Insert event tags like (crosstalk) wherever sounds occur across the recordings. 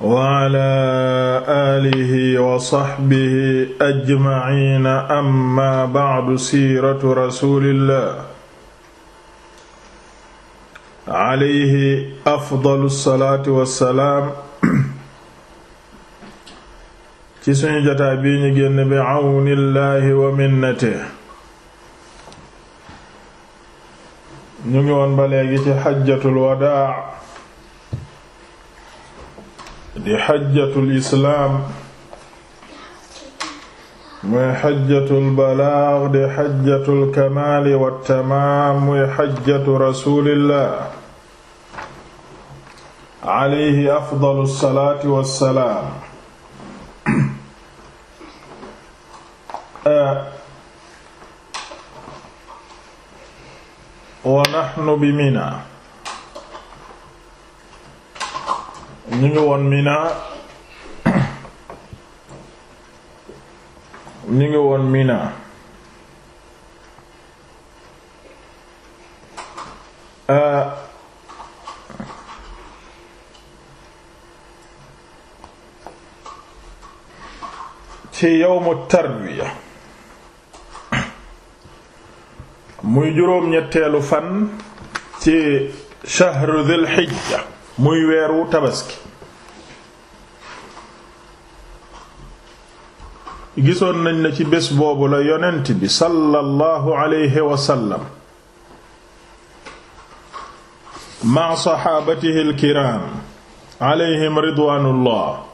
wala alihi wa saxbihi ajmaciina amma bacdu siiratu rasulillah alayhi afdalu salaatu wa salaam ci suñu jotaay bii ñu génn bi cawni llahi wa minnatihi ñu ngi woon ba léegi ci xajjatul wadaa di xajjatul islaam muy xajjatul balaag di xajjatul kamaali wattamaam muy xajjatu rasuulillah alayhi afdalu salaati wassalaam wa naxnu bi Mina ñu ngi woon Mina ñu ngi woon Mina ci yawmu tarwiya muy juróom ñetteelu fan ci shahru dhil hijja muy weer wu tabaski gisoon nañ na ci bés boobu la yonent bi sallallahu alayhi wa sallam ma saxaabatihi alkiram alayhim ridwaanullah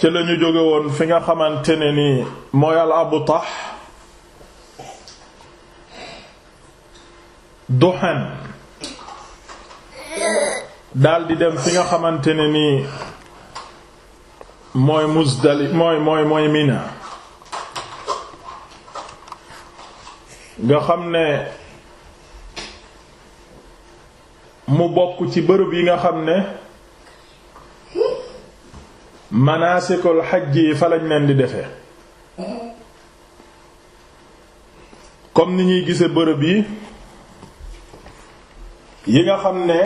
ci lañu jóge woon fi nga xamante ne ni mooy al abtah duhan daldi dem fi nga xamante ne nii mooy Muzdali mooy mooy Mina nga xam ne mu bokk ci bërëb yi nga xam ne manasikul xaj yi fa lañ leen di defee comme ni ñuy gise bërëb yi yi nga xam ne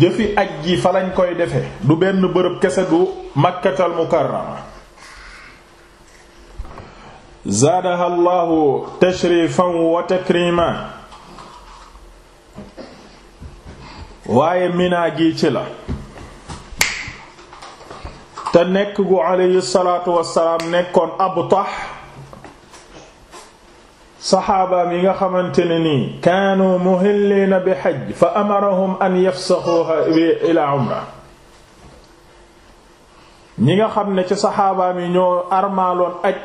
jëfi aj ji fa lañ koy defe du benn bërëb kese du makkatal mukarrama zaadaha allahu tashrifan wa waaye minaa gi ci la te nekk gu alayhi salaatu wassalaam nekkoon abtah saxaabaam yi nga xamante ne nii kaanu muhilliina bi xaj fa amarahum an yafsaxuha ila umra ñi nga xam ne ci saxaabaam yi ñoo armaaloon aj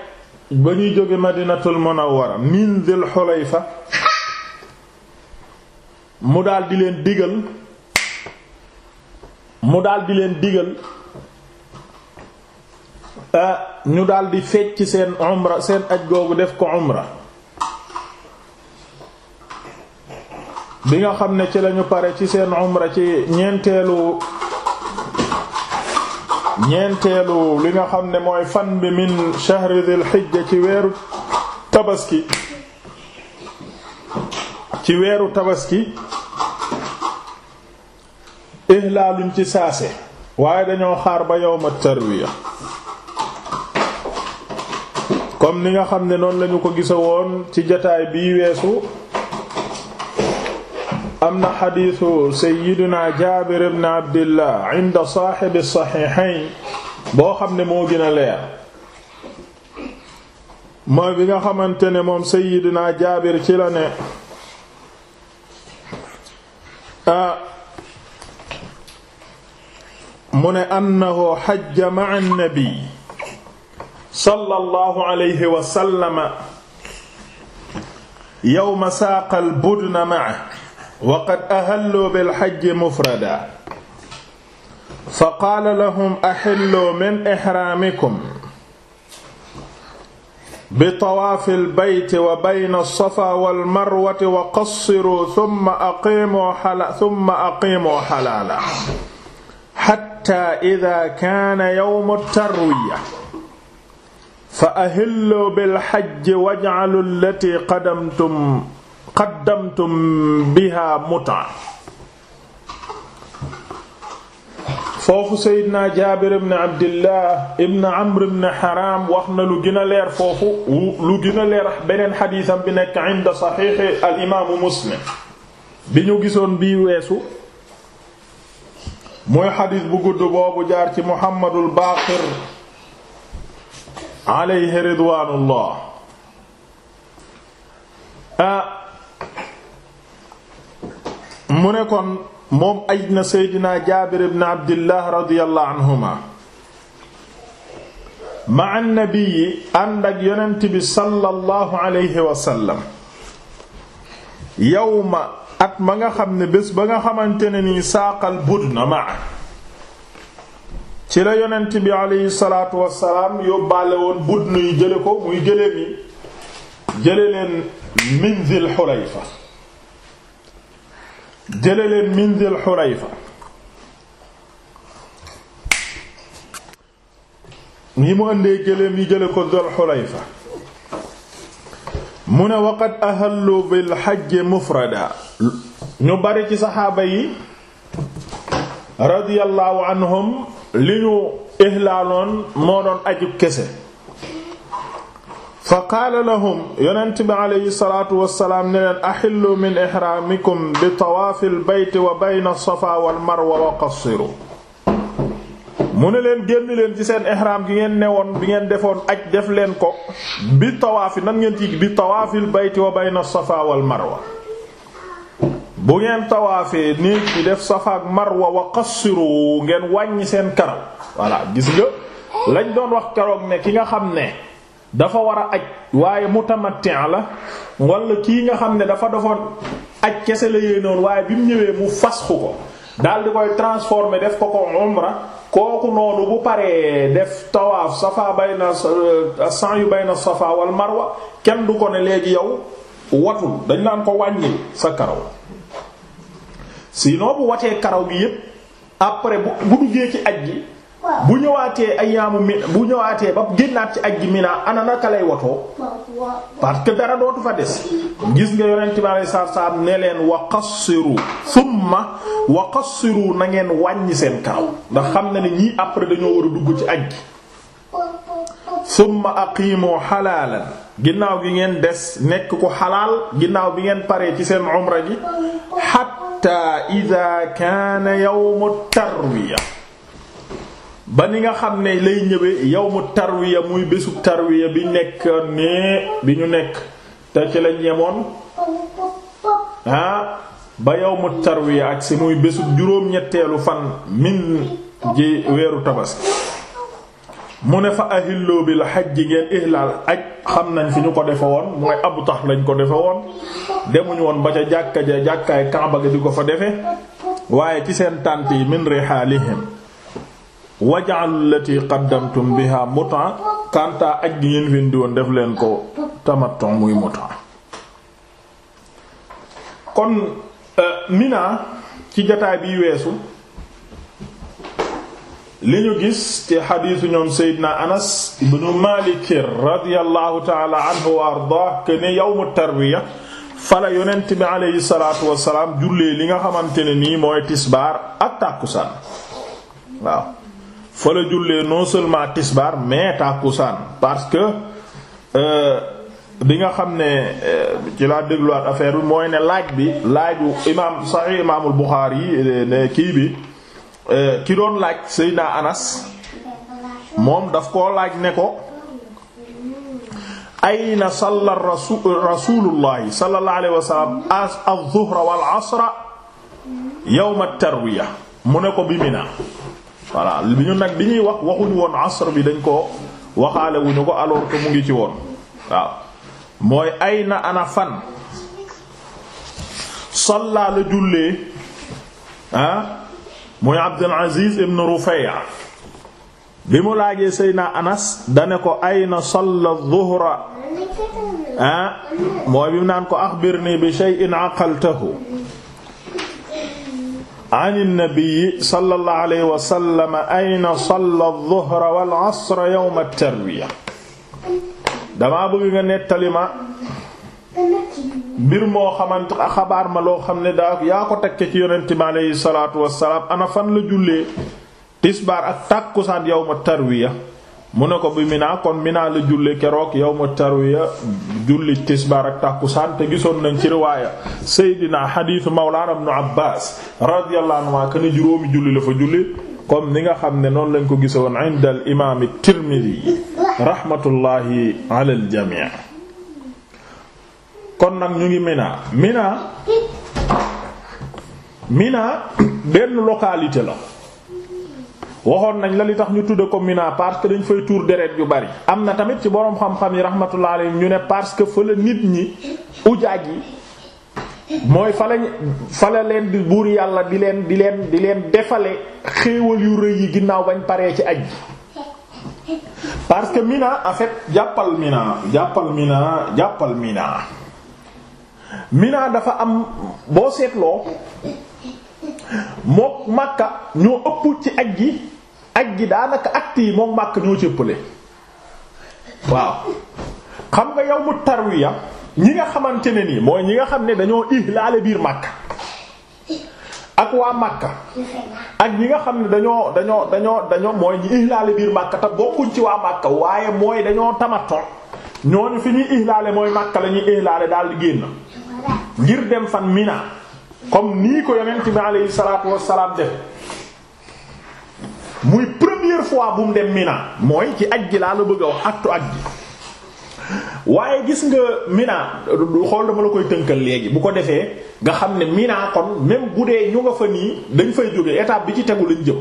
ba ñuy jóge madinatul munawwara min dil xulayfa mu daldi leen digal mu daldi leen digal ah, ñu daldi fecc seen umra seen aj googu def ko umra bi nga xam ne ci lañu pare ci seen umra ci ñeenteelu ñeenteelu li nga xam ne mooy fan bi min shahri dhil hijja ci weeru tabaski ci weeru tabaski ihlaaluñ ci saase waaye dañoo xaar ba yawma tarwiya comme ni nga xam ne noonu lañu ko gisa woon ci jataay bii weesu am na xadiisu sayyidina jaabir ibn abdillah inda saaxibi saxiixayn boo xam ne moo gën a leer mooy bi nga xamante ne moom sayyidina jaabir ci la ne a mu ne annahu xajja ma'a an-nabi sallallahu alayhi wa sallam yawma saaqa al-budna ma'ahu waqad ahalluu bilxajji mufrada fa qaala lahum axilluu min ixraamikum bitawaafi lbeyti wa bayna alsafa walmarwati wa qassiruu summa aqiimuu summa aqiimuu xalaala xatta ida kaana yowmu tarwiya fa ahilluu bilxajji wajcalu allati qadamtum qaddamtum biha muta foofu seydina jaabir ibn abdillah ibn amr ibn haram wax na lu gën a leer foofu lu gën a leer beneen xadiisam bi nekk inda saxiixi al imaamu muslim bi ñu gisoon bii weesu mooy xadiis bu gudd boobu jaar ci muhammadul baaqir alayhi ridwaanullah ah mu ne kon moom aj na seydina jaabir ibn abdillah radiyallahu anhuma ma annabi ànd ak yonent bi sallallahu alayhi wa sallam yawma at ma nga xam ne bés ba nga xamante ne nii saaqal budna maa ci la yonent bi alayhi salaatu wasalaam yóbbaale woon budnu yi jële ko muy jële mi jële leen min Zil Xulayfa jële leen min Xulayfa ni mu ëndee gëléem yi jële ko Zul Xulayfa mu ne waqad ahallu bil hajj mufrada ñu bari ci saxaaba yi radiyallahu anhum li ñu ihlaaloon moo doon ajub kese fa qaala lahum yonent bi alayhi salaatu wassalaam ne leen axillu min ixraamikum bi tawaafil bayt wa bayna safa wal marwa wa qassiru mu ne leen génn leen ci seen ihraam gi ngeen newoon bi ngeen defoon aj def leen ko bi tawaafi nan ngeen ci bi tawaafil bayti wa bayna safa wal marwa bu ngeen tawaafee néeg bi def safa ak marwa wa qassiru ngeen wàññi seen karaw voilà gis nga lañ doon wax karoog ne ki nga xam ne dafa war a aj waaye mutamatti la wala kii nga xam ne dafa defoon aj kese la yéenoon waaye bi mu ñëwee mu fasxu ko daal di koy transformer def ko ko umra kooku noonu bu paree def tawaaf safa bayna euh, sa'yu na safa wal marwa kenn du ko ne léegi yow watul dañ naan ko wàññil sa karaw sinon bu watee karaw bi yépp après bu duggee ci aj gi bu ñëwaatee ay yaamu mi bu ñëwaatee ba génnaat ci aj gi Mina ana naka lay watoo parce que dara dootu fa des gis nga yonent bi alayhi salaatu salaam ne leen wa qassiru summa wa qassiru na ngeen wàññi seen karaw ndax xam na ne ñii après dañoo war dugg ci ak gi summa aqiimu xalaalan ginnaaw gi ngeen des nekk ko xalaal ginnaaw bi ngeen paree ci seen umra ji xatta idaa kaana yawmu tarwiya ba ni nga xam ne lay ñëwee mu tarwiya muy bésub tarwiya bi nekk ne bi ñu nekk te ci lañ yemoon ah ba mu tarwiya ak si muy bésub juróom-ñetteelu fan min ji weeru tabaski mu ne fa ahilloo bil hajj ngeen ihlaal ak xam nañ fi ñu ko defe woon mooy abu tax lañ ko defe woon demuñu woon ba ca jàkka ja jàkkaay Kaaba ga di ko fa defe waaye ci seen tànt yi min rihalihim waj'al lati qaddamtum biha mut'a kanta aj gi ngeen findi def leen ko tamattu muy mut'a kon euh, mina ci jataay biy weesu li ñu gis ci xadiisu ñoom Seydina Anas ibnu Maalik radiyallahu taala anhu wa ardaah ke ne yawmu tarwiya fala yonent bi aleyhi salaatu wassalaam jullee li nga xamante ne nii mooy tisbaar ak tàkkusaan waaw fa la jullee non seulement tisbaar mais tàkkusaan parce que euh, bi nga xam ne euh, ci laa dégluwaat affaire bi mooy ne laaj bi laaju imaam Sahih imaamul Bukhari yi euh, kii bi ki doon laaj Seydina Anas moom daf koo laaj ne ko ayna salla rasul rasulullahi sallallahu alayhi wa sallam az-zuhra wal tarwiya mu ne ko bi Mina voilà bi ñu nag bi ñuy wax waxuñu woon asr bi dañ koo waxaale wuñu ko alors que mu ngi ci woon waaw mooy ay na ana sol salla la jullee ah muy Abdul Aziz ibn Rufaya bi mu laajee Seydina Anas dane ko ayna salla dhuhra ah mooy bi mu naan ko axbirni bi shay'in aqaltahu an nabii sallallahu alayhi wa sallam ayna salla zuhra wal asra yawma tarwiya damaa bëgg nga nettali ma mbir moo xamante xabaar ma loo xam ne daa yaa ko tekke ci yonente bi aleyhi ana fan la julle tisbaar ak tàkkusaan yawma tarwiya mu ne ko bi Mina kon Mina la julli keroog yawmu tarwiya julli tisbaar ak tàkkusaan te gisoon nañ ci riwaaya Seydina xadiisu Mawlaana Ibnu Abbaas radiyallahu anhu ken juróomi julli la fa julli comme ni nga xam ne noonu lañ ko gisoon inda al imaam Tirmidi rahmatullahi ala al jamii kon nag ñu ngi Mina Mina Mina benn localité la waxoon nañ la li tax ñu tudd ko Mina parce que dañ fay tuur deret yu bari am na tamit ci boroom xam-xam yi rahmatullah alayhi ñu ne parce que fa la nit ñi ujaaj yi mooy fa lañ fa la leen di buur yàlla di leen di leen di leen defale xéewal yu rëy yi ginnaaw bañ paree ci aj parce que Mina en fait jàppal Mina jàppal Mina jàppal Mina Mina dafa am boo seetloo mook Makka ñoo ëpp ci ak gi ak gi daanaka actes yi mook Makka ñoo cëppale waaw xam nga yow mu tarwiya ñi nga xamante ne nii mooy ñi nga xam ne dañoo ihlaale biir Makka ak waa Makka ak ñi nga xam ne dañoo dañoo dañoo dañoo mooy ñi ihlaale biir Makka te bokkuñ ci waa Makka waaye mooy dañoo tamaton ñooñu fi ñuy ihlaale mooy Makka la ihlaale daal di génn ngir dem fan Mina comme nii ko yonent bi aleyhi salaatu wassalaam dem muy première fois bu mu dem Mina mooy ci aj gi laa la bëgg a waaye gis nga Mina xool dama la koy tënkal léegi bu ko defee nga xam ne Mina kon même bu dee ñu nga fa nii dañ fay jóge étape bi ci tegu lañ jëm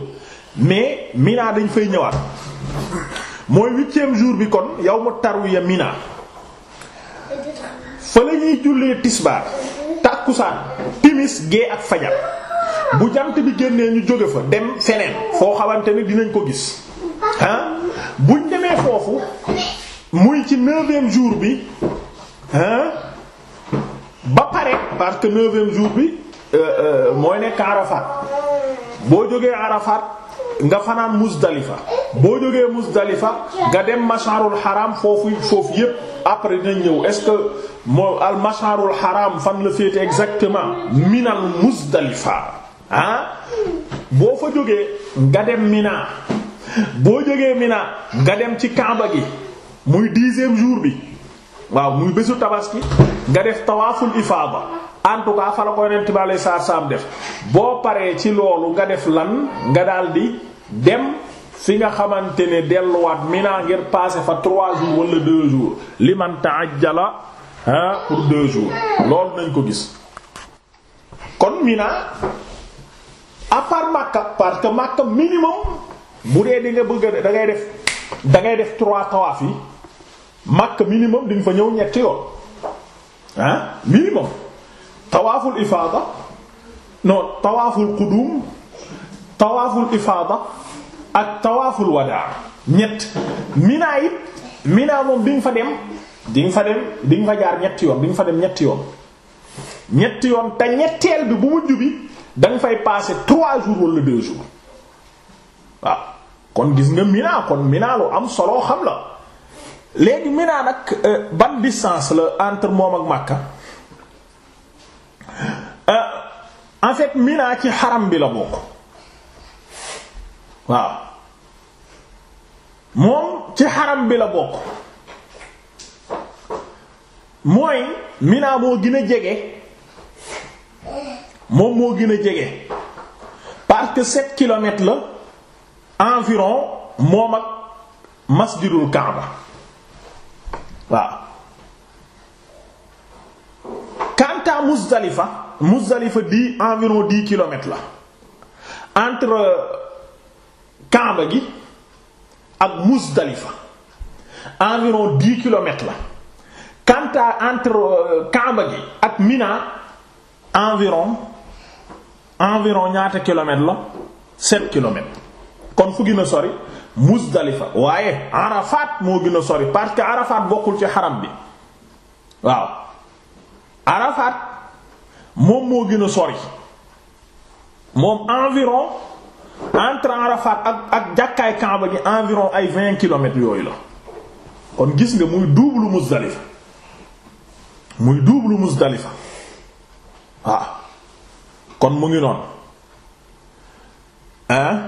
mais Mina dañ fay ñëwaat mooy huitième jour bi kon yow ma taru ya Mina fa la ñuy jullee tisbaar tàkkusaan timis gee ak fajar bu jant bi génnee ñu jóge fa dem feneen foo xamante ne dinañ ko gis ah buñ demee foofu muy ci neuvième jour bi ba pare parce que neuvième jour bi euh, euh, mooy nekk Arafat boo jógee Arafat nga fanaan Muzdalifa boo jógee Muzdalifa nga dem Masharul Haram foofu foofu yëpp après dinañ ñëw est-ce que moo al Masharul Haram fan la féete exactement minal Muzdalifa ah boo fa jógee nga dem Mina boo jógee Mina nga dem ci Kaaba gi muy dixième jour bi waaw muy bésu tabaski nga def tawaaful ifaada en tout cas fa la ko yonent bi alayhi salaam def boo paree ci loolu nga def lan nga daldi dem fi nga xamante ne delluwaat Mina ngir passer fa trois jours wala deux jours li man ta'ajjala ah pour deux jours loolu nañ ko gis kon Mina à part parce que Makka minimum bu dee di nga bëgg da ngay def dangay def trois tawaaf yi Makka minimum di nga fa ñëw ñetti yoon minimum tawaaful ifaada non tawaaful qudum tawaaful ifaada ak tawaaful wadaa ñett minaa it minaa moom di nga fa dem di nga fa dem di nga fa jaar ñetti yoon di nga fa dem ñetti yoon ñetti yoon te ñetteel bi bu mujj bi da fay passer trois jours wala deux jours waaw kon gis nga minaa kon minaa lu am solo xam la léegi minaa nag euh, ban distance la entre moom ak Makka euh, en fait minaa ci xaram bi la bokk. waaw moom ci xaram bi la bokk mooy Mina moo gën a jege moom moo gën a jege parce que sept la environ moom ak masjidul Kaaba waaw Kanta Muzdalifa Muzdalifa di environ dix kilomètres la entre kaaba gi ak Muzdalifa environ dix kilomètres la quant à entre euh, kaaba gi ak Mina environ environ ñaata kilomètres la sept kilomètres kon fu gën a sori Muzdalifa waaye Arafat moo gën sori parce que Arafat bokkul ci xaram bi waaw Arafat moom moo gën sori moom environ entre Arafat ak ak jàkkaay Kaaba gi environ ay vingt kilomètres yooyu la kon gis nga muy lu Muzdalifa muy double Muzdalifa waaw ah. kon mu ngi noonu hein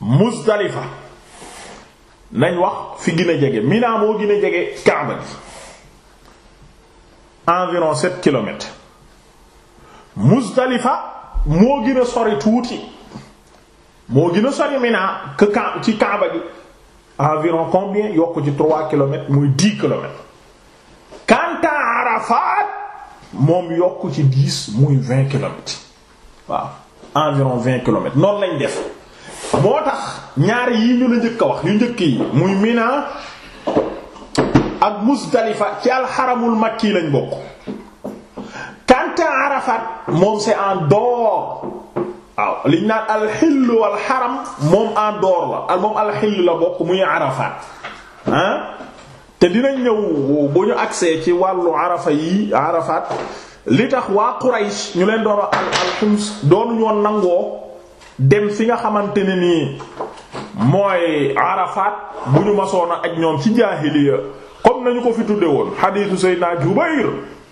Muzdalifa nañ wax fi gën a jege Mina moo gën a jege Kaaba gi environ sept kilomètres Muzdalifa moo gën a sori tuuti moo gën a sori Mina que camp ci Kaaba gi environ combien yokk ci trois kilomètres muy dix kilomètres quant à moom yokk ci dix muy vingt kilomètres waaw environ vingt kilomètres noonu lañ def moo tax ñaar yi ñu la njëkk a wax yu njëkk yi muy Mina ak Muzdalifa ci alxaramul makki lañ bokk kanta Arafat moom c'est en dehors waaw liñ naan alxill wal xaram moom en dehors la ah, moom alxill la bokk muy Arafat te dinañ ñëw bu ñu agsee ci wàllu Arafa yi Arafat li tax waa Quraysh ñu leen doon alxums doonu ñoo nangoo dem fi nga xamante ne nii mooy Arafat bu ñu masoon ak ñoom ci jaahiliya comme nañu ko fi tudde woon xadiisu yu Jubayr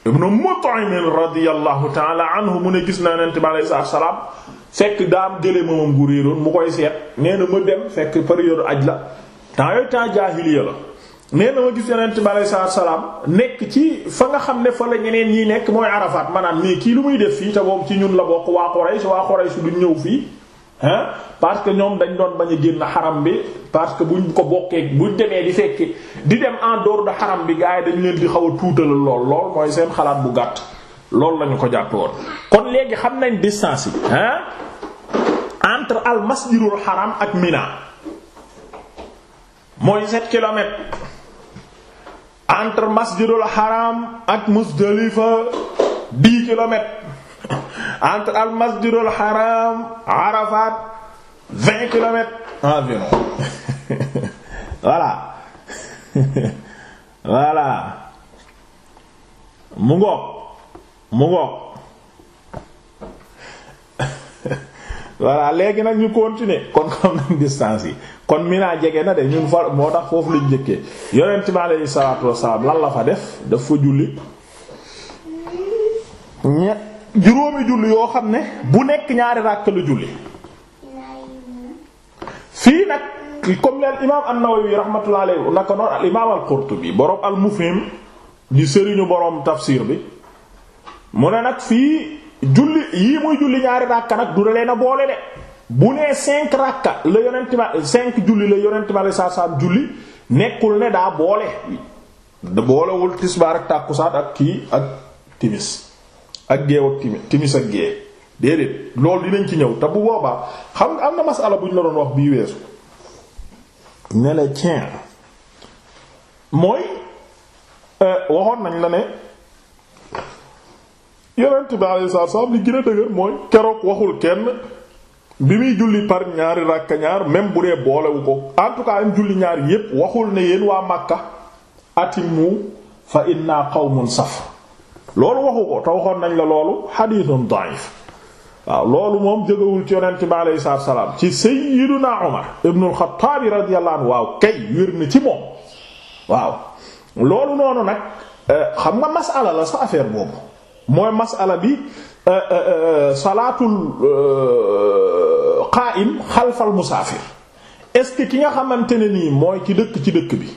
ibnu Mut'im radiyallahu ta'ala anhu mu ne gis naa Yonent bi alayhi salaam fekk daam gëléem moom gu réeroon mu koy seet nee na ma dem fekk période aj la temps yooyu temps jaahiliya la nee na ma gis Yonent bi alayhi salaam nekk ci fa nga xam ne fa la ñeneen ñi nekk mooy Arafat maanaam nii kii lu muy def fii te moom ci ñun la bokk waa Quraysh waa Quraysh duñ ñëw fii hein parce que ñoom dañ doon bañ a génn xaram bi parce que buñ ko bokkee buñ demee di fekki di dem en dehors de xaram bi gars yi dañ leen di xaw a tuutalal lool lool mooy seen xalaat bu gàtt loolu lañu ko jàpp woon kon léegi xam nañ distance yi hein entre al masjidul xaram ak Mina mooy 7 kilomètres entre masjidul xaram ak Musdalifa 10 kilomètres entre al masjidul haram Arafat vingt kilomètres environ (laughs) voilà (laughs) voilà mu ngoog mu ngoog (laughs) voilà léegi nag ñu continuer kon xam nañ distance yi kon Mina jege na de ñun fa moo tax foofu lañ njëkkee yonent bi aleyhi salaatu wasalaam lan la fa def daf fa julli juróomi julli yoo xam ne bu nekk ñaari ràkk la julli fii nag comme leen imaam an-Nawawi rahmatullah alayhi noonu al imaam al-Qurtubi borom al-Mufhim di sëriñu borom tafsir bi mu ne nag fii julli yii muy julli ñaari ràkka nag du leen boole de bu nee cinq ràkka la yonent ma cinq julli la yonent ma la saa saam julli nekkul ne daa boole da boolewul tisbaar ak tàkkusaan ak kii ak timis ak géew ak timis timis ak gée déedéet loolu dinañ ci ñëw te bu boobaa xam nga am na masala bu ñu la doon wax bii weesu ne la tien mooy euh, waxoon nañ la ne yonent bi alayhi salaatu salaam li a dëgër mooy keroog waxul kenn bi muy julli par ñaari ràkka ñaar même bu dee boolewu ko en tout cas am julli ñaar yépp waxul ne yéen waa Makka mu fa xaw qawmun safar loolu waxu ko tawaxoon nañ la loolu xadiisun da'if waaw loolu moom jógewul ci yonent bi aleyhi salaatu wa salaam ci sayyiduna Umar ibnul Xattaab radiyallahu anhu waaw kay wér na ci moom waaw loolu noonu nag eh, xam nga masala la sa affaire boobu mooy masala bi eh, eh, salaatul qaa'im xalfal musaafir est-ce ki nga xamante ne nii mooy ci dëkk ci dëkk bi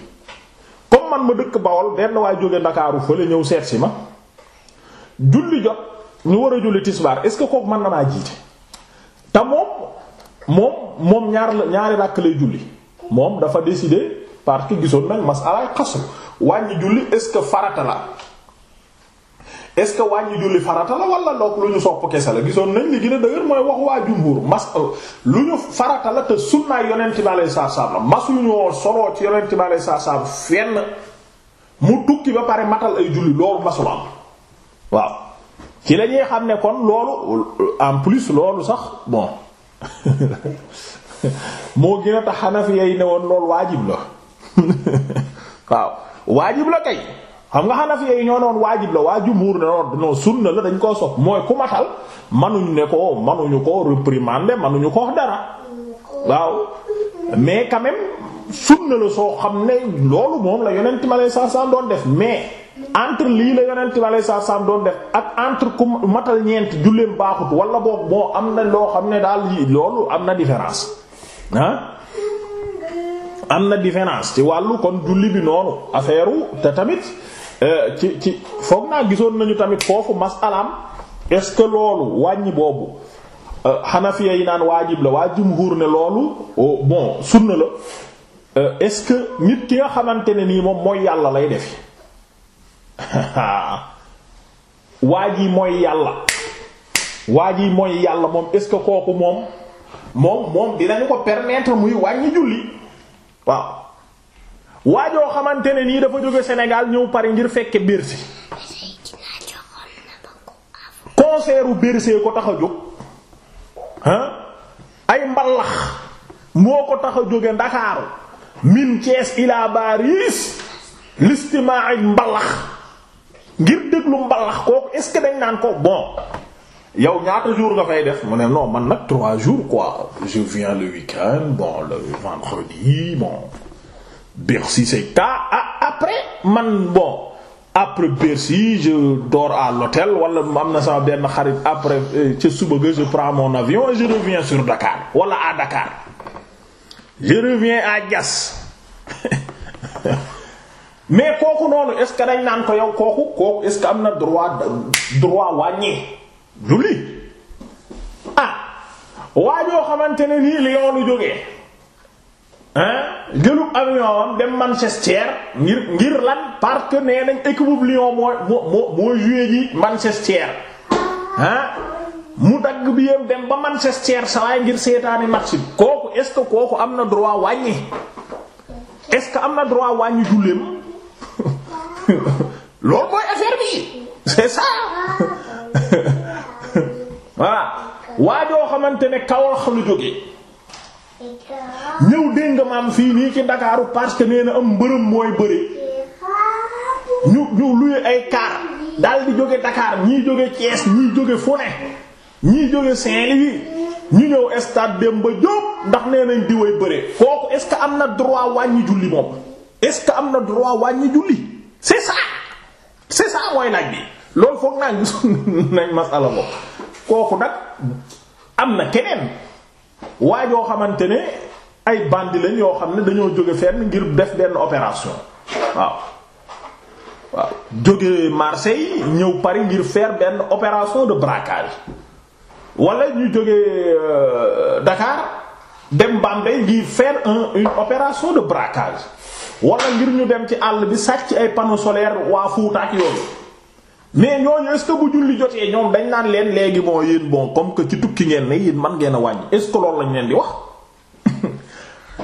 comme man ma dëkk Bawol benn waay jóge Ndakaaru fële ñëw seet si ma julli jot ñu war a julli tisbaar est-ce que kooku mën na maa jiite te moom moom moom ñaar la ñaari ràkk lay julli moom dafa décider parce que gisoon nañ masalaay xasru wàññi julli est-ce que farata la est-ce que wàññi julli farata la wala look lu ñu sopp kese la gisoon nañ li gën a dëgër mooy wax waa jumhur mas lu ñu farata la te sunnaay yonent bi alayhi salaatu salaam la masuñoo soloo ci yonent bi alayhi salaatu salaam fenn mu tukki ba pare matal ay julli loolu masul am waaw ci la xam ne kon loolu en plus loolu sax bon (laughs) moo gën a tax Hanafi yi ne woon loolu waajib la (laughs) waaw waajib la kay xam nga Hanafi yi ñoo ne woon waajib la waa jumhuur ne woon non sunna la dañ koo sopp mooy ku matal manuñ ne ko manuñu ko réprimander manuñu ko wax dara waaw mais quand même na la soo xam ne loolu moom la yonent ma lay sa sa doon def mais. entre lii la yonent bi alayhi salaatu salaam doon def ak entre ku matal ñeent julleem baaxut wala boog moo am na loo xam ne daal loolu am na différence ah am na différence ci wàllu kon julli bi noonu affaire te tamit euh, ci ci foog naa gisoon nañu tamit foofu masalaam est-ce que loolu wàññi boobu xanafiya euh, yi naan waajib la waa jumhuur ne loolu oh, bon sunna la euh, est-ce que nit ki nga xamante ne nii moom mooy yàlla lay def. (laughs) waa ji mooy yàlla waa ji mooy yàlla moom est-ce kooku moom moom moom dinañu ko permetre muy wàññi julli waaw waa waajoo xamante ne nii dafa jóge Sénégal ñëw pare ngir fekke Bercy concertu Bercy ko tax a jóg ay mbalax moo ko tax a jóge Ndakaaru min Thiès ila Paris listimaa ay mbalax ngir déglu mbalax kooku est ce que dañ naan ko bon yow ñaata jour nga fay def mu ne no man nag trois jours quoi je viens le week-end bon le vendredi bon Bercy c'est tard ah, après man bon après Bercy je dors à l'hôtel wala am na sama benn xarit après euh, ca suba ga je prends mon avion et je reviens sur Dakar wala à Dakar je reviens à Diass (laughs) mais kooku noonu est-ce que dañ naan ko yow kooku kooku est-ce am na droit droit wàññi julli ah waajoo xamante ne nii Lyon lu jógee ah jëlub avion am dem Manchester ngir ngir lan parce que nee nañ équipe bu Lyon moo moo moo ji Manchester ah mu dagg bi yam dem ba Manchester sawaay ngir seetaani match kooku est-ce que kooku am na droit wàññi est-ce que am na droit wàññi julleem (laughs) loolu mooy affaire bi c'est ça (laughs) voilà waa joo xamante ne Kaolack lu jógee ñëw dégg maam fii nii ci Ndakaaru parce que nee na mbërëm mooy bëri ñu ñu luye ay kaar dal jóge Dakar ñii jóge Thiès ñii jóge Fone ñii jóge Saint-Louis ñu ñëw stade Demba Diop ndax nee nañ di way bëre kooku est-ce que am na droit wàññi julli moom. est-ce que am na droit wàññi julli c'est ça c'est ça mooy laaj bi loolu foog naa gisoon (laughs) nañ masala ko kooku nag am na keneen waa joo xamante ne ay bandi lañ yoo xam ne dañoo jóge fenn ngir def benn opération waaw waaw jóge Marseille ñëw Paris ngir fer benn opération de bracage wala ñu jóge euh, Dakar dem Bambey ngir faire un une opération de braquage wala ngir ñu dem ci àll bi sàcc ay panneaux solaires waa Fuuta ak yooyu mais ñooñu est ce que bu julli jotee ñoom dañ naan leen léegi moo yéen bon comme que ci tukki ngeen ne yéen man ngeen a wàññi est ce que loolu lañ di wax (laughs)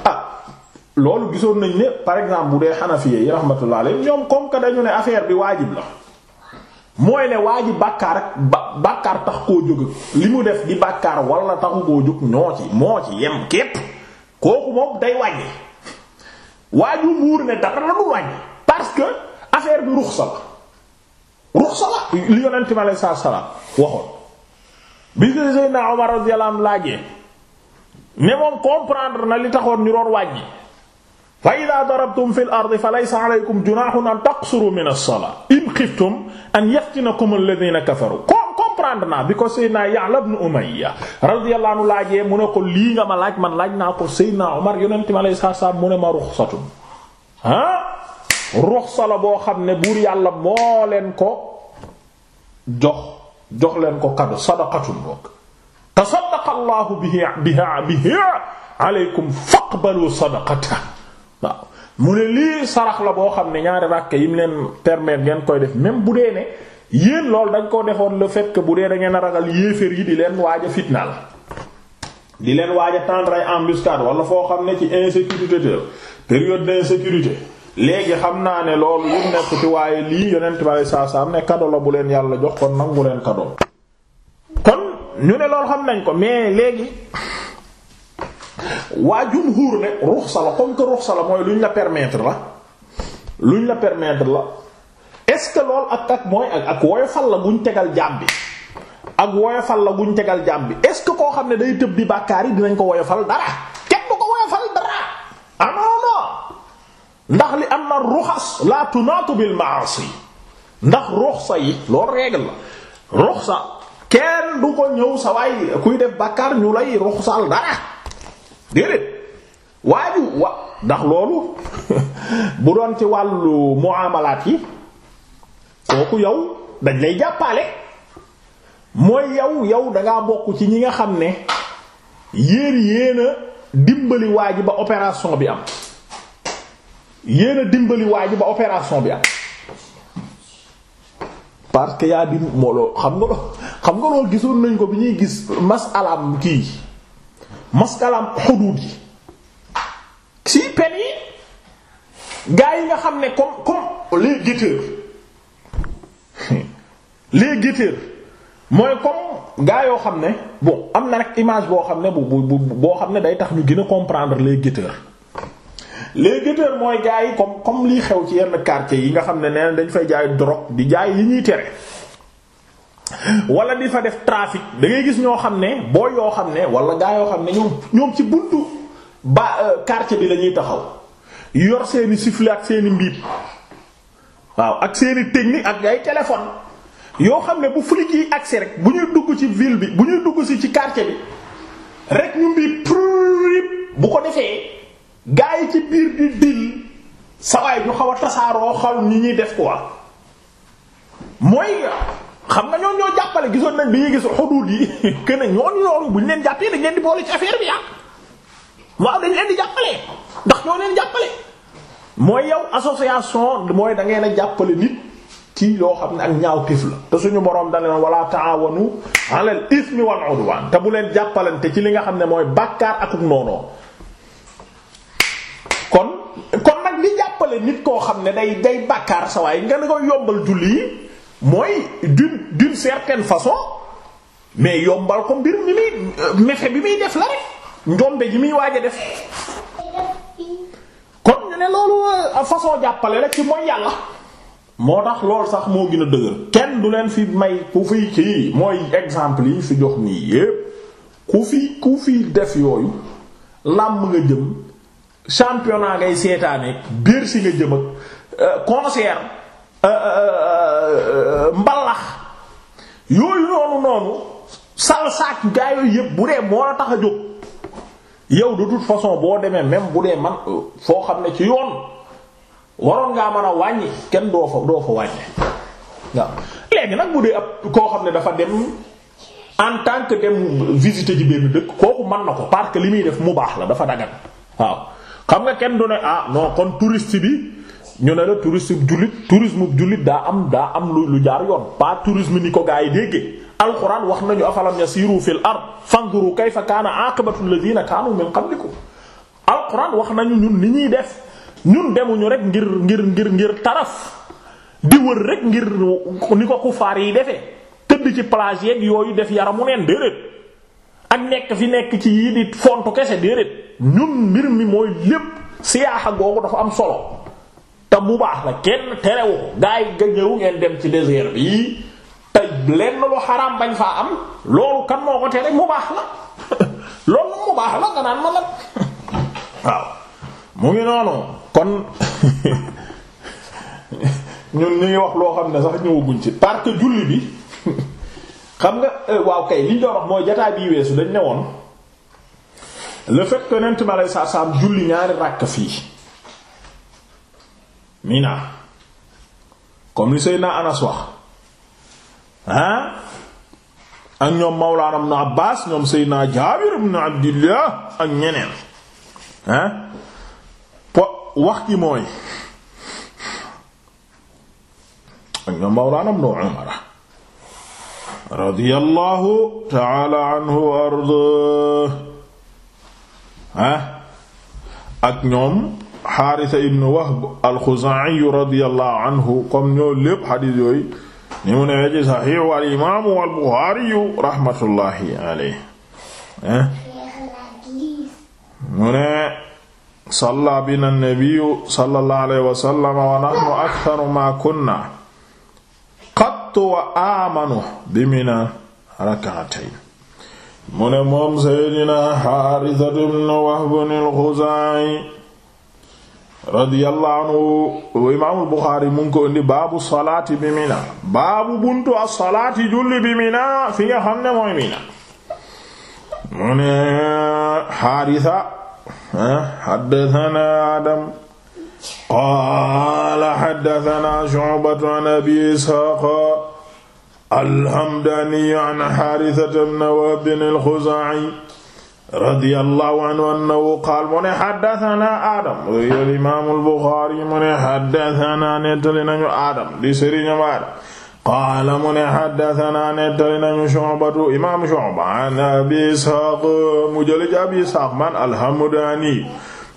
ah loolu gisoon nañ ne par exemple bu dee Hanafiya yi rahmatullah alayhim ñoom comme que dañu ne affaire bi waajib la mooy ne waa ji bàkkaar ak ba bàkkaar tax koo jóg li mu def di bàkkaar wala taxu koo jóg ñoo ci moo ci yem képp kooku moom day wàññi. waa ju muur ne dara la du wàññi parce que affaire bi ruxsa la ruxsa la li yonent mi alayhi salaatu salaam bi ko Seydina Omar radiyallahu anhu laajee na li taxoon ñu doon wàññi fa darabtum fil ardi fa laysa alaykum junaahun an taqsuru min as-salaa in xiftum an yaftinakum alladhiina kafaru comprendre bi ko Seydina Ya'la ibn Umayya radiyallahu anhu laajee mu ne ko lii nga ma laaj man laaj naa ko Seydina Omar yonent mi alayhi salaam mu ne ma ruxsatun ah ruxsa la boo xam ne buur yàlla moo leen ko jox jox leen ko kado sadaqatun bokk tasaddaqa Allahu biha biha biha aleykum faqbalu sadaqata waaw mu ne lii sarax la boo xam ne ñaari ràkke yi mu leen permettre ngeen koy def même bu dee ne yéen loolu dañ ko defoon le fekk bu dee da ngeen a ragal yéeféer yi di leen waaja a fitnaal di leen waaja a tendre ay embuscade wala foo xam ne ci insécurité te période d'insécurité léegi xam naa ne loolu yu nekk ci waaye lii yonent bale saa saa am ne kado la bu leen yàlla jox kon nangu leen kado kon ñu ne lool xam nañ ko mais léegi waa jumhuur ne ruxsa la comme que ruxsa la mooy luñ la permettre la luñ la permettre la est-ce que lool ak ak mooy ak woyofal la guñ tegal jaam bi ak woyofal la guñ tegal jaam bi est-ce que koo xam ne day tëb bi bàkkaar yi dinañ ko woyofal dara kenn du ko woyofal dara ah non non li am na ruxas la tunaatu def bàkkaar ñu lay ruxsal dara déedéet waaju wa ndax loolu (laughs) bu doon ci wàllu muamalaat yi kooku yow dañ lay jàppale mooy yow yow dangaa bokk ci ñi nga xam ne yéen yéena dimbali waa ji ba opération bi am yéena dimbali waa ji ba opération bi am parce que yaa dim mooloo xam nga xam nga loolu gisoon nañ ko bi ñuy gis masalaam kii masalaam xuduud yi si pen yi gaa yi nga xam ne comme comme les les guetteurs mooy comme gaa yoo xam ne bon am na rek image boo xam ne bu boo xam ne day tax ñu gën a comprendre les guetteurs les guetteurs mooy gaa yi comme comme liy xew ci yenn quartier yi nga xam ne nee dañ fay jaay drogue di jaay yi ñuy tere wala di fa def trafic da ngay gis ñoo xam ne boo yoo xam ne wala gaa yoo xam ne ñoom ñoom ci buntu ba euh, quartier bi lañuy taxaw yor seeni sifflet ak seeni mbiib waaw ak seeni technique ak ay téléphone yoo xam ne bu flic yi agsi rek bu ñuy dugg ci ville bi bu ñuy dugg si ci quartier bi rek ñu mbi prurib bu ko defee gars yi ci biir di dil sawaay ñu xaw a tasaaroo xaw ñi ñuy def quoi mooy xam nga ñoon ñoo jàppale gisoon nañ bi ñuy gis xuduud yi (laughs) que ne ñooñu loolu bu ñu leen jàppee dañ leen di boole ci affaire bi ah waaw dañ leen di jàppale ndax ñoo leen jàppale mooy yow association mooy dangeen ngeen a jàppale nit ci yoo xam ne ak ñaaw tif la te suñu boroom dane na wala taawanu alal ismi wal udwan te bu leen jàppalante ci li nga xam ne mooy bàkkaar akuk kon kon nag jàppale nit koo xam ne day day bàkkaar sa waaye nga ne ko yombal julli yi mooy d'une d'une certaine façon mais yombal ko mbir mi muy mexe bi muy def la rek njombe ji muy waaj def kon ñu ne loolu façon jàppale rek ci mooy yàlla moo tax loolu sax moo gën a dëgër kenn du leen fi may ku fi kii mooy exemple yi fi jox nii yépp ku fi ku fi def yooyu làmb nga jëm championnat ngay seetaane biir si nga jëm ak euh, euh, euh, mbalax yooyu noonu noonu salsaak gaa yépp bu dee moo la tax a jóg yow du toute façon boo demee même bu dee man foo xam ne ci yoon waroon ngaa mën a wàññi kenn doo fa doo fa wàññi waaw léegi nag mu dee ab koo xam ne dafa dem en tant que dem visiter ji benn dëkk kooku man na ko parce que li muy def mu baax la dafa dagan waaw xam nga kenn du ne ah non kon touriste bi ñu ne la touriste jullit tourisme jullit daa am daa am lu lu jaar yoon pas tourisme ni ko gaa yi déggee alxuraan wax nañu afalam yasiru fil ard kay fa kaana aqibatu alladhina kaanu min ko alxuraan wax nañu ñun ni ñuy def. ñun demuñu rek ngir ngir ngir ngir taraf di wër rek ngir ni ko kufaar yi defee tëdd ci plage yeeg yooyu def yaramu neen déedéet ak nekk fi nekk ci yii di fontu kese déedéet ñun mbir mi mooy lépp siyaaxa googu dafa am solo te mu baax la kenn terewu gaa yi nga ñëw ngeen dem ci désert bi te lenn lu xaraam bañ faa am loolu kan moo ko tere mu baax la (laughs) loolu mu baax la nga naan ma la (laughs) waaw mu ngi noonu kon (laughs) ñun ñu wax loo xam ne sax ñëwaguñ ci parce que julli bi xam nga euh, waaw kay liñ doon wax mooy jataay bii weesu dañ ne woon le fait nent ma lay saa julli ñaari ràkk fii mina comme li Seydina Anas wax ah ak ñoom Mawlaana Ibn baas ñoom Seydina Jaabir ibn Abdillah ak ñeneen ah wax ci mooy ak ñoom mawlaana ibnu Umar radiyallahu ta'ala anhu wa ardaa ah ak ñoom Haarisa ibn Wahb al-Xuzaa'i radiyallahu anhu comme ñoo lépp xadiis yooyu ni mu newee ci saxiix wal imaamu wal Buxaari rahmatullahi alayhi mu ne salla bina nabiyu sallallahu alayhi wa sallam wa nahnu aktharu ma kunna qattu wa aamanu bi mina rak'atayn mu ne moom seydina xaarisatu ibnu wahbun al-xuzaa'i radiyallahu anhu imaamul buxaari mu ngi ko indi baabu salaati bi mina baabu buntu as-salaati julli bi mina fi nga xam ne mooy mina mu ne xaarisa xaddatana adam qaala xaddatana Shu'batu an abi Isxaaqa alhamdani an Haarisata ibn Wahb al-Xuzaa'i radiyallahu anhu annahu qaala mu ne xaddatana adam imaam al-Buxaari mu ne xaddatana nettali nañu adam di sëriñam adam qaala mu ne xaddatanaa nettali nañu Shu'batu imaam Shu'ba an Abi Isxaaq mu jële ci Abi Isxaaq man al-Hamdaani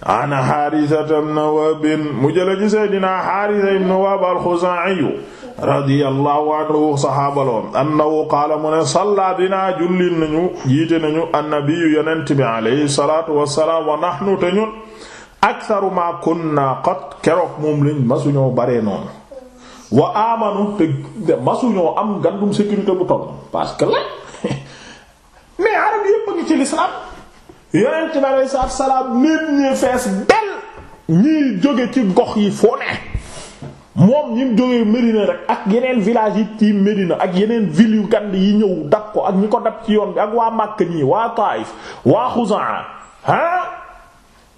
an Haarisata ibn Wahb mu jële ci Seydina Haarisa ibn Wahb al-Xuzaa'i radiyallahu anhu saxaabaloon annahu qaala mu ne salla dinaa jullin nañu jiite nañu annabiyu yonent bi alayhi salaatu wassalaam wa nahnu te ñun aktharu maa kunna qat keroog moom lañ masuñoo bare noonu wa amanu te masuñoo am gandum sécurité bu toll parce que la (laughs) mais arab yépp a ngi ci l'islam yonent bi aleyhi salaatu salaam nit ñi fees del ñiy jóge ci gox yi foo ne moom ñi mu jógee Médina rek ak yeneen village yi ci Médina ak yeneen ville yu gand yi ñëw dab ko ak ñi ko dab ci yoon bi ak waa Makka ñii waa Taayif waa Xuzaa ah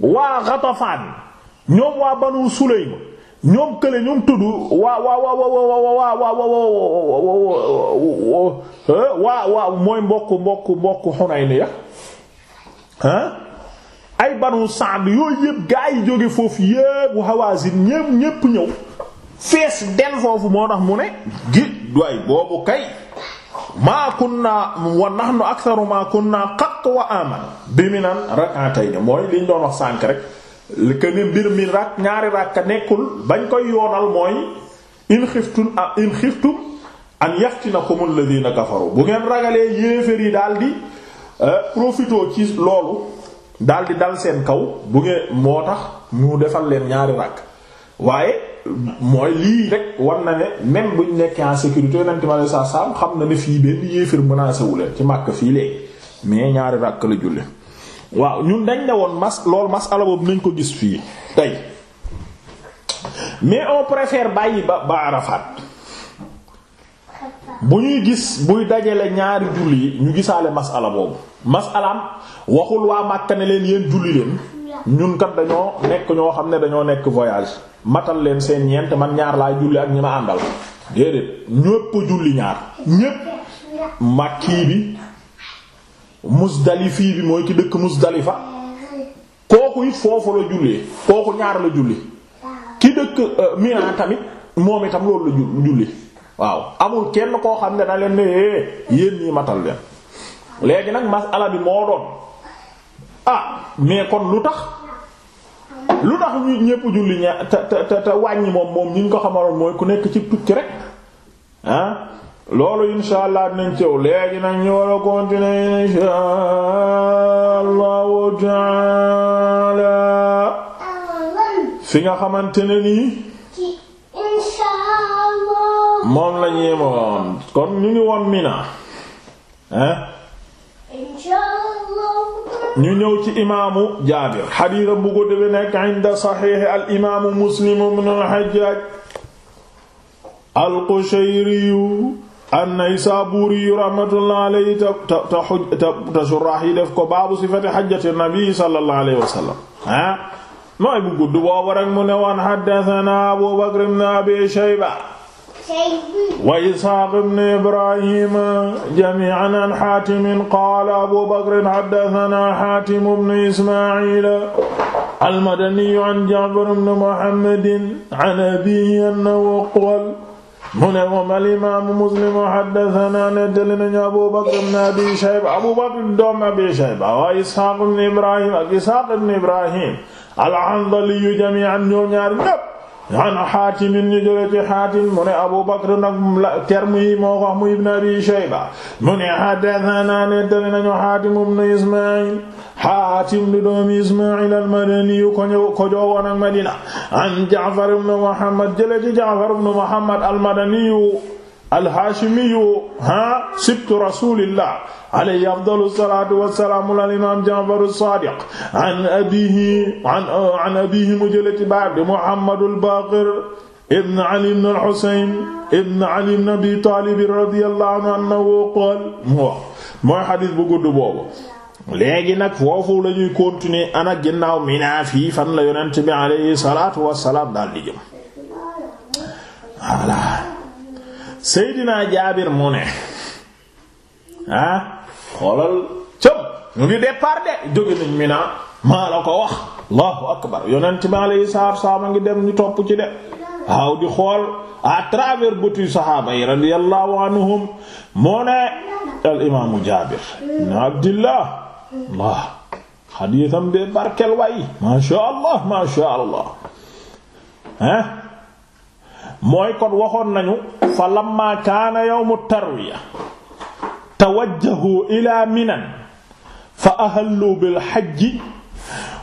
waa Ghatafaan ñoom waa Banu Sulaym ñoom kële ñoom tudd waa waa waa waa waa waa waa mooy mbokk mbokk mbokk Hunayn ya ah ay banu Sa'd yooyu yëpp gaa yi jóge foofu yëpp Hawazin ñëpp ñëpp ñëw fees del foofu moo tax mu ne gi doy boobu kay maa kunna wa nahnu aktharu maa kunna qat wa aman bi minan rak'atayn mooy liñ doon wax sànk rek que ne mbir mi rak ñaari rakka nekkul bañ koy yoonal mooy in xiftum ah, in xiftum an yaftinakum alladhina kafaru bu ngeen ragalee yéefér yi daal di euh, profitoo ci loolu daal di dal seen kaw bu ngeen moo tax mu defal leen ñaari rakk waaye mooy lii rek war na ne même buñ nekkee en sécurité yonente mi aleye saa saam xam na ne fii benn yéefér menacé wu leen ci Makka fii léegi mais ñaari rakk la julli waaw ñun dañ ne woon mas loolu masala boobu nañ ko gis fii tey mais on préfère bàyyi ba ba Arafat bu ñuy gis buy dajale ñaari julli yi ñu gisaale masala boobu masalaam waxul waa Màkka ne leen yéen julli leen ñun dañoo nekk ñoo xam ne dañoo nekk voyage matal leen seen ñeent man ñaar laay julli ak ñi ma àndal déedéet ñépp julli ñaar ñépp makki bi musdalifi bi mooy ki dëkk musdalifa kooku it foofu la jullee kooku ñaar la julli ki dëkk euh, Mina tamit moom itam loolu la julli waaw amul kenn koo xam ne da leen ne eh, yéen ñii matal leen léegi nag masala bi moo doon ah mais kon lu tax lu tax ñu ñépp julli te te te wàññi moom moom ñi ñu ko xamaloon mooy ku nekk ci tukki rek ah? loolu insha allah dinañ cëw léegi nag ñu war a continuer insha allahu nga xamante ne nii moom la ñuy moom kon ñu ngi woon Mina hein ñu ñëw ci imaamu Jaabir xadiisa bu ko defe nekk saxiix al imaamu Muslim ibn al Hajjaaj al Qushayri an-Naysaburi rahmatullah alayhi ta ta ta surah yi def ko baabu sifati hajjati nabi sallallahu alayhi wa sallam ah nooy bu gudd boobu rek mu ne woon haddathana Abu Bakr ibn Abi Shayba wa Ishaq ibn Ibrahim jami'an an Hatim qala Abu Bakr haddathana Hatim ibn Isma'il al-Madani an Ja'far ibn Muhammad an abihi annahu qala mu ne moom alimaamu muslim haddathana nettali nañu abu bakr ibn abi shayba abu bakr doom abi shayba wa ishaaq ibn ibrahim ak ishaaq ibn ibrahim al-hanzali jami'an ñoom ñaar ñépp an xaatimin ñu jële ci xaatim mu ne Abu Bakr nag terme yi moo wax mu ibn Abi Shayba mu ne haddathana nettali nañu xaatim ibn Ismaïl xaatim di doomi Ismaïl al-Madani ko ñëw ko joowoon ak Madina an Ja'far ibn Muhammad jële ci Ja'far ibn Muhammad al-Madani alhaashimiyu ha sibtu rasulillah alayhi afdalu salaatu wasalaamu al imaam Ja'far as-Saadiq an abiihi uh, an abiihi mu jële ci baay bi Muhammad al-Baaqir ibn Ali ibn al-Husayn ibn Ali ibn Abi Taalib radiyallahu anhu annahu qaala mu wax mooy xadiis bu gudd boobu léegi nag foofu la ñuy continuer ana ginnaaw Mina fii fan la yonent bi alayhi salaatu wasalaam daal di jëm voilà seydinaa jaabir mu ne ah xoolal cëm ñu ngi de jóge nañ mi maa la ko wax allahu akbar yonent mi alayhi salaatu salaam a ngi dem ñu topp ci de waaw di xool à travers bëtu saxaaba yi radiyallahu anhum moo jaabir ibn abdillah allah xadiisam de barkel way ma sha allah ma sha allah hein ah. mooy kon waxoon nañu fa lamma kaana yawmu tarwiya tawajjahu ila minan fa ahallu bil hajji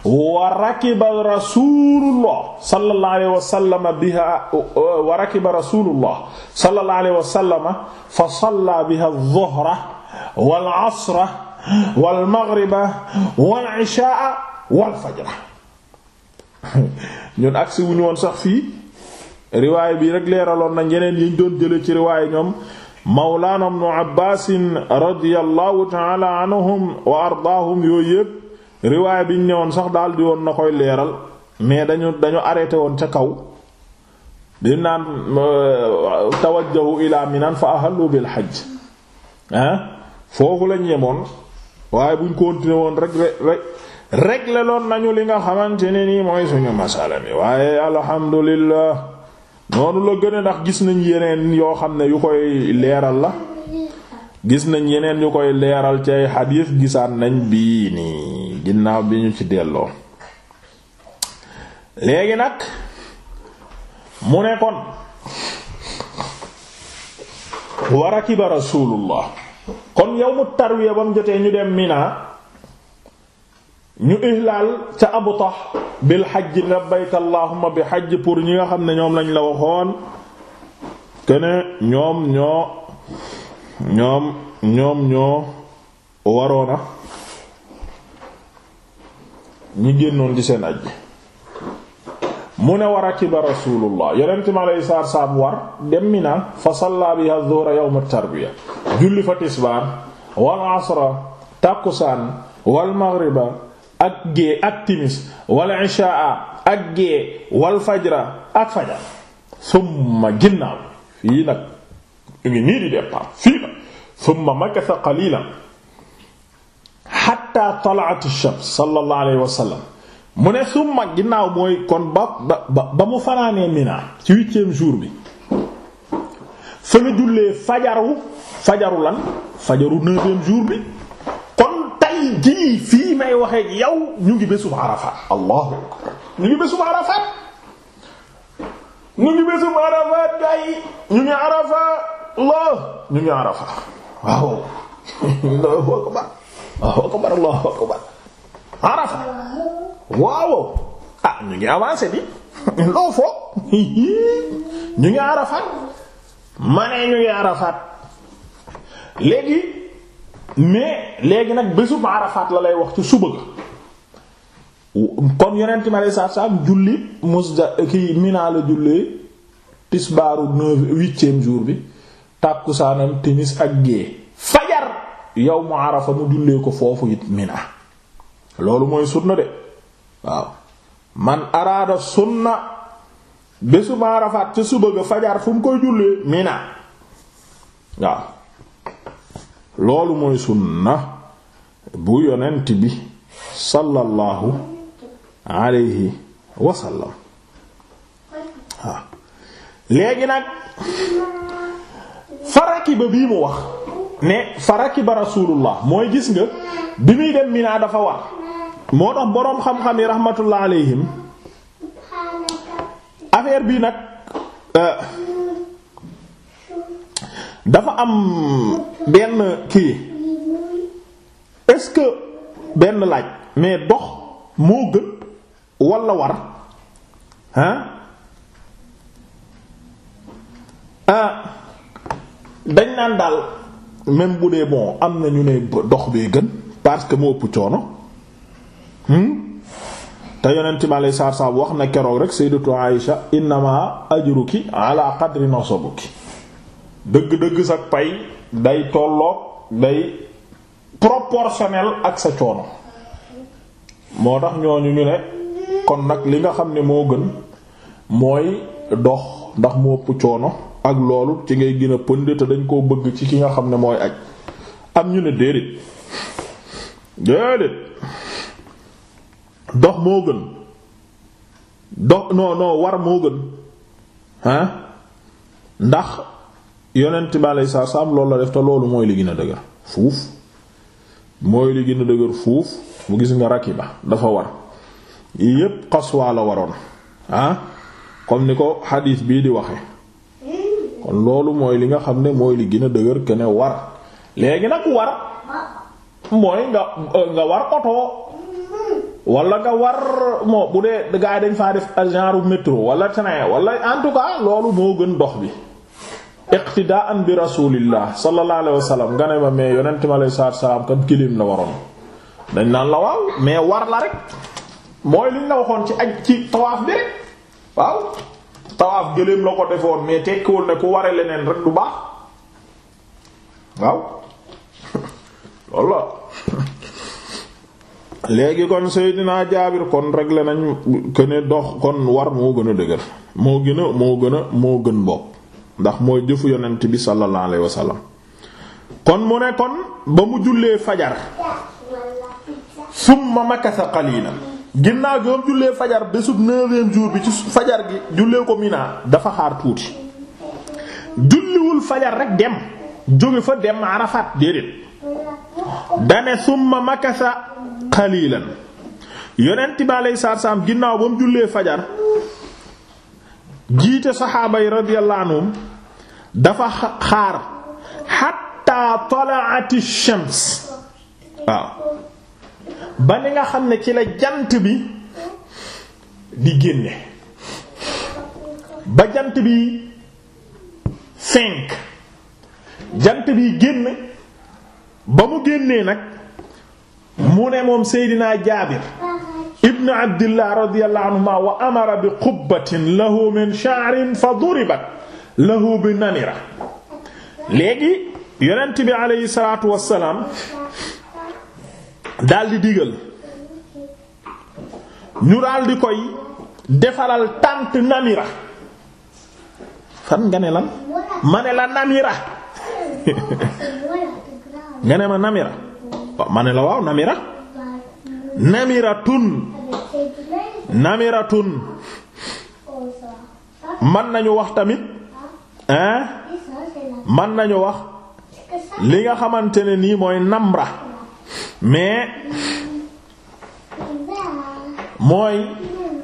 wa rakiba rasulullah sallallahu alayhi wa sallama biha wa rakiba rasulullah sallallahu alayhi wa sallama fa salla biha adh-dhuhra wal 'asra wal maghriba wal 'ishaa'a wal fajra ñun agsi wuñu woon sax fii riwaay bii rek leeraloon na ñeneen yiñ doon jële ci riwaay ñoom mawlaana ibnu abbaasin radiyallahu taala anhum wa ardaahum yooyu yépp riwaay biñ newoon sax daldi woon na koy leeral mais dañu dañu arrêté woon ca kaw di naan euh, tawajjahu ilaa minan fa ahallu bil hajj lañ yemoon buñ continué woon rek rek nañu li nga xamante ne noonu la gën a ndax gis nañ yeneen yoo xam ne yu koy leeral la gis nañ yeneen yu koy leeral ci ay xadiis gisaan nañ bii nii ginnaaw bi ñu ci delloo léegi nag mu ne kon warakiba rasulullah kon yawmu tarwiya bam jotee ñu dem Mina ñu ihlaal ca abu tax bil xajj labbayka allahumma bi xajj pour ñi nga xam ne ñoom lañ la waxoon kene ñoom ñoo ñoom ñoom ñoo waroona ñi génnoon ci seen aj mu ne war a kiba rasulullah yonent mi alayhi salaatu salaam war dem Mina fa salla biha dhuhra yawm at-tarbiya julli fa tisbaar wal asra tàkkusaan wal maghriba ak gée ak timis wala ishaa ak gée wal fajra ak fajar summa ginnaaw fii nag ñu nii di départ fii nag summa makasa qalilan hatta tala'at ash-shams sallallahu alayhi wa mu ne summa ginnaaw mooy kon ba ba ba mu fanaanee Mina ci huitième jour bi fa jullee fajaru fajaru lan fajaru neuvième jour bi tey jii fii may waxee yow ñu ngi bésub Arafat allahu akbar ñu ngi bésub Arafat ah ñu ngi avancé (laughs) loo foo (laughs) ñu ngi Arafat ma ne ñu ngi mais léegi nag bésub Arafat la lay wax ci suba kon yonent ma lay saab saab julli Musda ki Mina la jullee tisbaaru neuf huitième jour bi tàkkusaanam timis ak gée fajar yawmu Arafa mu jullee ko foofu it Mina loolu mooy sunna de waaw man araada sunna bésub Arafat ca suba ga fajar fu mu koy jullee Mina waaw loolu mooy sunna bu yonent bi sallallahu alayhi wasallam waaw léegi nag faraki ba bii mu wax ne faraki ba rasulullah mooy gis nga bi muy dem Mina dafa war moo tax boroom xam-xam yi rahmatullah alayhim affaire bii nag euh, dafa am benn kii est-ce que benn laaj mais dox moo gën walla war ah dañ naan daal même bu dee bon am na ñu ne dox bee gën parce que moo ëpp coono hmm? te yonent ma lay saar saab wax na keroog rek sayyidatu Aïsha innama ajruki ala qadri nasabuki dëgg-dëgg sa pay day tolloog day proportionnel ak sa coono moo tax ñooñu ñu ne kon nag li nga xam ne moo gën mooy dox ndax mu ëpp coono ak loolu ci ngay gën pënd te dañ koo bëgg ci ki nga xam ne mooy aj am ñu ne déedéet déedéet dox moo gën dox non non war moo gën ah ndax yonent bi lay salaatu salaam la def te loolu mooy li gën a dëgër fuuf mooy li gën a dëgër fuuf bu gis nga ba dafa war yépp xaswaa la waroon ah comme ni ko xadiis bii di waxe kon loolu mooy li nga xam ne mooy li gën a dëgër ke war léegi nag war mooy nga nga war oto wala nga war moo bu dee gaa dañ faa def genre métro wala train wala en tout cas loolu moo gën dox bi iqtidaan bi rasulillah sallallahu alayhi wa sallam nga ne mais yonent mi alayhi salaatu wa waroon dañ naan la waaw mais war la rek mooy liñ la waxoon ci ak ci tawaaf bi rek waaw tawaaf gëléem la ko defoon mais tekkiwul ne ku ware leneen rek du baax waaw (laughs) loolu la (laughs) léegi kon Seydina Jaabir kon rek le nañ dox kon war moo gën a dëgër moo gën a moo gën a moo gën bopp ndax mooy jëfu yonent bi sallallahu alayhi wa kon mu ne kon ba mu jullee fajar summa makasa qalilan ginnaaw gi jullee fajar bésub neuvième jour bi ci fajar gi jullee ko Mina dafa xaar tuuti julliwul fajar rek dem jóge fa dem Arafat déedéet dane summa makasa qalilan yonent bi alayhi salaam ginnaaw ba mu jullee fajar jiite saxaaba yi radiyallahu dafa xaar xatta talaati shams waaw ba ni nga xam ne ci la jant bi di génne ba jant bi fenk jant bi génn ba mu génnee nag mu ne moom seydinaa Jaabir ibn abdillah radiyallahu anhuma wa amara bi qubbatin lahu min sha'rin fa duribat lahu bi namira léegi yonent bi aleyhi salaatu wassalaam daldi digal ñu daldi koy defaral tànt namira fan nga ma la namira (laughs) nga la waaw namira namiratun namiratun man nañu wax tamit hein man nañu wax li nga xamante ne nii mooy namra mais mooy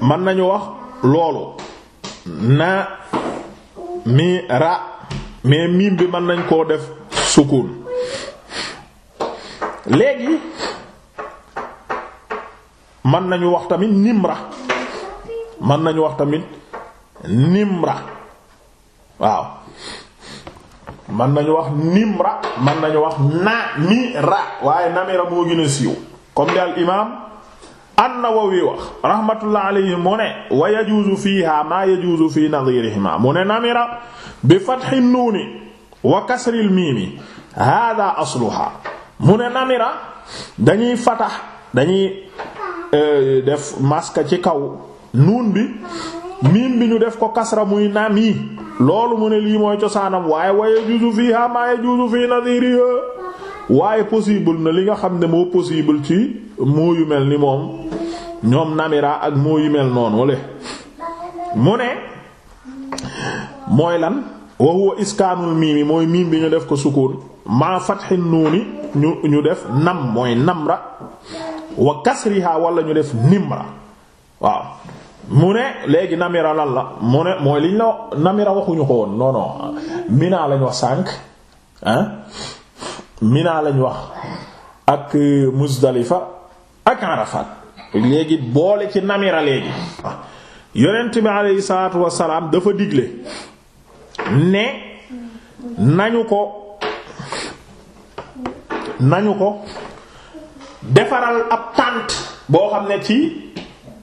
man nañu wax loolu na mi ra mais miim bi mën nañ koo def sukun léegi mën nañu wax tamit nimra mën nañu wax tamit nimra waaw mën nañu wax nimra man nañu wax namira waaye namira moo gën a siiw comme daal imaam an-Nawawi wax rahmatullah alayhi mu ne wa yajuuzu fiiha maa yajuuzu fi nadhirihima mu ne namira bi fathi nuuni wa kasril miimi hada asluha mu ne namira dañuy fatax dañuy euh, def maska ci kaw nuun bi miim bi ñu def ko kasra muy naam yi loolu mu ne lii mooy cosaanam waaye waye juusu fii ha juusu fii nadiri waaye possible na li nga xam ne moo possible ci moo yu mel ni moom ñoom namira ak moo yu mel noonu wala mu ne mooy lan wa huwa iskaanul miimi mooy miim bi ñu def ko sukun maa fatxin nuuni ñu ñu def nam mooy namra wa kasriha walla ñu def nimra waaw mu ne léegi namira lan la mu ne mooy liñ la namira waxuñu ko woon non non mina lañ wax sànq ah lañu wax ak euh, Muzdalifa ak Arafat léegi boole ci namira léegi yonent bi aleyhi salaatu wasalaam dafa digle ne nañu ko nañu ko defaral ab tànt boo xam ne ci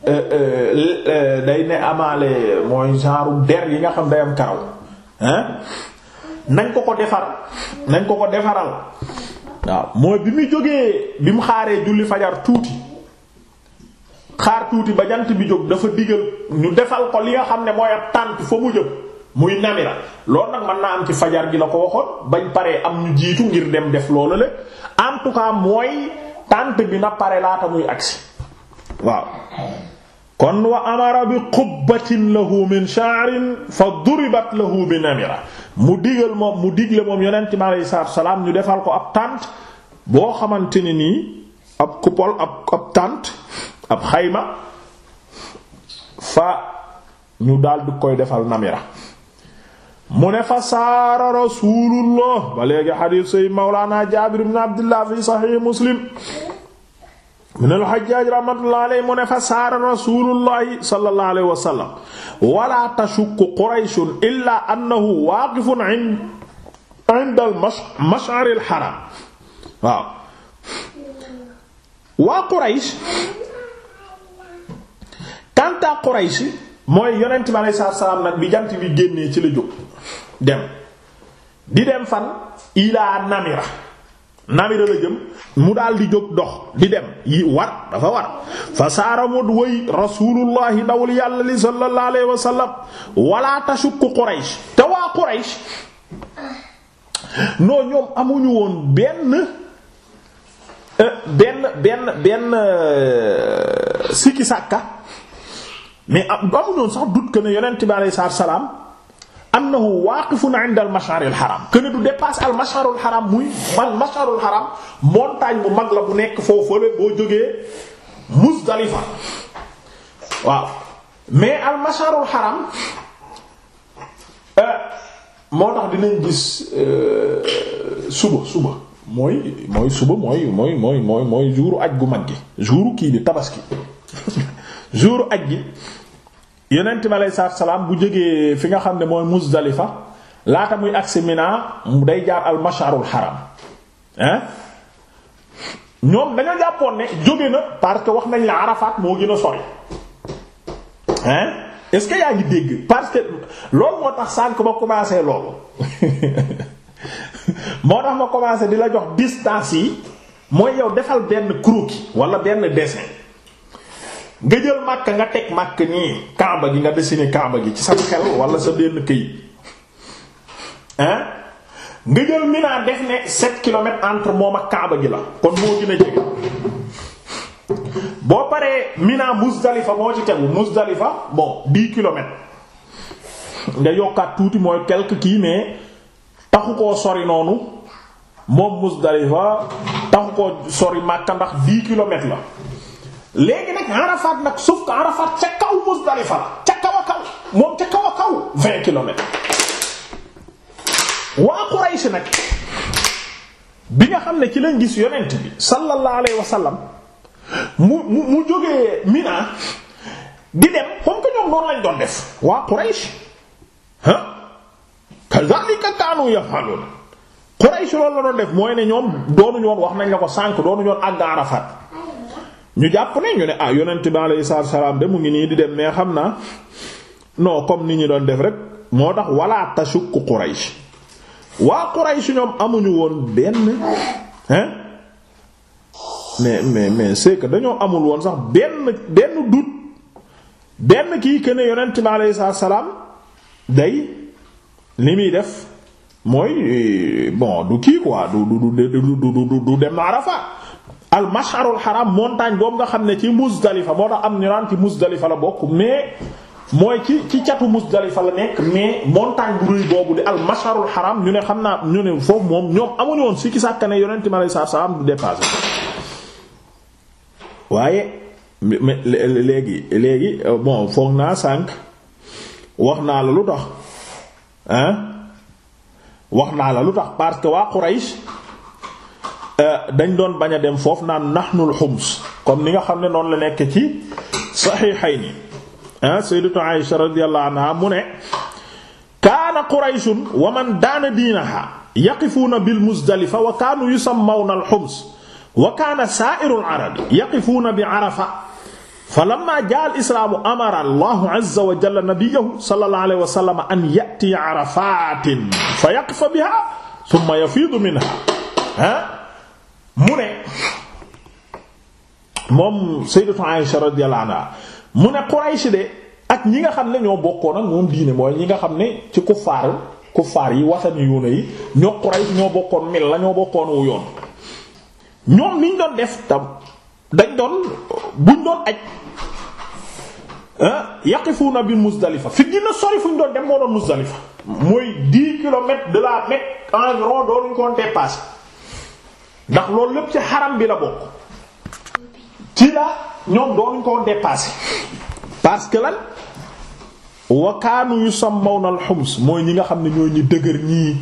euh, euh, euh, day ne amaale mooy genre der yi nga xam day am karaw hein nañ ko ko defar nañ ko ko defaral waaw mooy bi muy jógee bi mu xaaree julli fajar tuuti xaar tuuti ba jant bi jóg dafa digal ñu defal ko li nga xam ne mooy ab tànt fa mu jëm muy namira loolu nag mën naa am ci fajar gi la ko waxoon bañ paree am ñu jiitu ngir dem def loolu la en mooy tànt bi na pare laata muy agsi waaw kon wa amara bi qubbatin lahu min sha'rin fa duribat lahu bi namira mu digal moom mu digle moom yonent mi aleyhi salaatu salaam ñu defal ko ab tànt boo xamante ne nii ab coupole ab ab tànt ab xayma fa ñu daldi koy defal namira mu ne fa saara rasulullah ba léegi xadiis say mawlaana jaabir ibn abdillah fi saxiix muslim min al-Hajjaaj rahmatullahi alayhi mu ne fa saara rasulullahi sallallahu alayhi wa sallam wala tashukku qurayshun illa annahu waaqifun inda al-mash'ar al-haram waaw waa Quraysh kanta Quraysh mooy yonent bi aleyhi salaam nag bi jant bi génnee ci la jóg dem di dem fan ilaa namira namira la jëm mu daal di jóg dox di dem yi war dafa war fa saaramut way rasuulullahi dawul yàlla li sallallahu alayhi wa sallam wala tashukku quraysh te waa quraysh non ñoom amuñu woon benn euh, benn benn benn euh, sikki mais amuñoon sax dut que ne yonent bi alayhi salaatu salaam annahu waaqifun 'inda al-mash'ar al-haram que ne du dépasser al-mash'ar al-haram muy al-mash'ar al-haram bu mag la bu nekk foofu la boo jógee Muzdalifa mais al-mash'ar al euh, moo tax dinañ gis euh, suba suba mooy mooy suba mooy mooy mooy mooy mooy jouru aj gu mag gi jouru kii bi tabaski (laughs) jouru aj gi yonent bi aleyhi salaatu salaam bu jógee fi nga xam ne mooy Muzdalifa laata muy agsi Mina mu day jaar al masharul haram hein ñoom dañoo jàppoon ne jóge na parce que wax nañ la Arafat moo gën a sori hein est-ce que yaa ngi dégg parce que loolu moo tax sànq ma commencé loolu (laughs) moo tax ma commencé di la jox distance yi mooy yow defal benn croquis wala benn dessin nga jël màkk nga teg màkk nii kaaba gi nga dessiné kaaba gi ci sa xel wala sa benn këyit hein nga jël Mina def ne sept kilomètres entre moom ak kaaba gi la kon moo gën a jege boo paree Mina Muzdalifa moo ci tegu Muzdalifa bon dix kilomètres nga yokkaat tuuti mooy quelque kii mais taxu koo sori noonu moom Muzdalifa taxu koo sori Makka ndax dix kilomètres la léegi nag Arafat nag sauf ka Arafat ca kaw Muzdalifa la ca kaw a kaw moom ca kaw a kaw vingt kilomètres waa Quraysh nag bi nga xam ne ci lañ gis yonent bi sallallahu alayhi wa sallam mu mu mu jógee Mina di dem comme que ñoom noonu lañ doon def waa Quraysh ah kazalika kaanu yafalun Quraysh loolu la doon def mooy ne ñoom doonuñoon wax nañ la ko sànk ñoon àgg Arafat ñu jàpp ne ñu ne ah yonent bi alayhi salaam de mu ngi nii di dem mais xam naa noo comme ni ñu doon def rek moo tax wala tashuk Quraysh waa Quraysh ñoom amuñu woon benn hein mais mais mais c'est que dañoo amul woon sax benn benn doute benn kii que ne yonent bi alayhi salaam day li muy def mooy bon du kii quoi du du du du du du dem Arafat al masharul haram montagne boobu nga xam ne ci Muzdalifa moo tax am ñu naan ci Muzdalifa la bokk mais mooy ci ci catu Muzdalifa la nekk mais montagne bu rëy boobu di al masharul haram ñu ne xam naa ñu ne foofu moom ñoom amuñu woon sikki sàkka ne yonent sa alayhi salaam du dépassé waaye léegi léegi bon foog naa sànq wax naa la lu tax hein wax naa la lu tax parce que waa Quraysh Euh, dañ doon bañ a dem foofu naan nahnul xums comme ni nga xam ne noonu la nekk ci saxiixayni ah sayyidatu Aisha radiyallahu anha mu ne kaana qurayshun wa man daana diinaha yaqifuuna bil muzdalifa wa kaanu yusammawna al xums wa kaana saa'iru al arabi yaqifuuna bi arafa fa lamma jaa al islaamu amara allahu azza wa jalla nabiyahu sallallahu alayhi wa sallam an ya'tiya arafatin fa yaqifa biha thumma yafiidu minha mu ne moom sayyidatu Aisha radiyallahu anha mu ne Quraysh de ak ñi nga xam ne ñoo bokkoon ak moom diine mooy ñi nga xam ne ci kuffaar kuffaar yi wasani yuuna yi ñoo Quraysh ñoo bokkoon mil la ñoo bokkoon wu yoon ñoom niñ doon def tam dañ doon buñ doon aj ah, yaqifuuna bi Muzdalifa fi gën a sori fuñ doon dem moo doon Muzdalifa mooy 10 kilomètres de la Mecque environ doonuñ ko dépassé ndax loolu lépp ci xaram bi la bokk ci la ñoom doonuñ koo dépasser parce que lan wakaanu yu sammawna al xums mooy ñi nga xam ne ñooy ñi dëgër ñi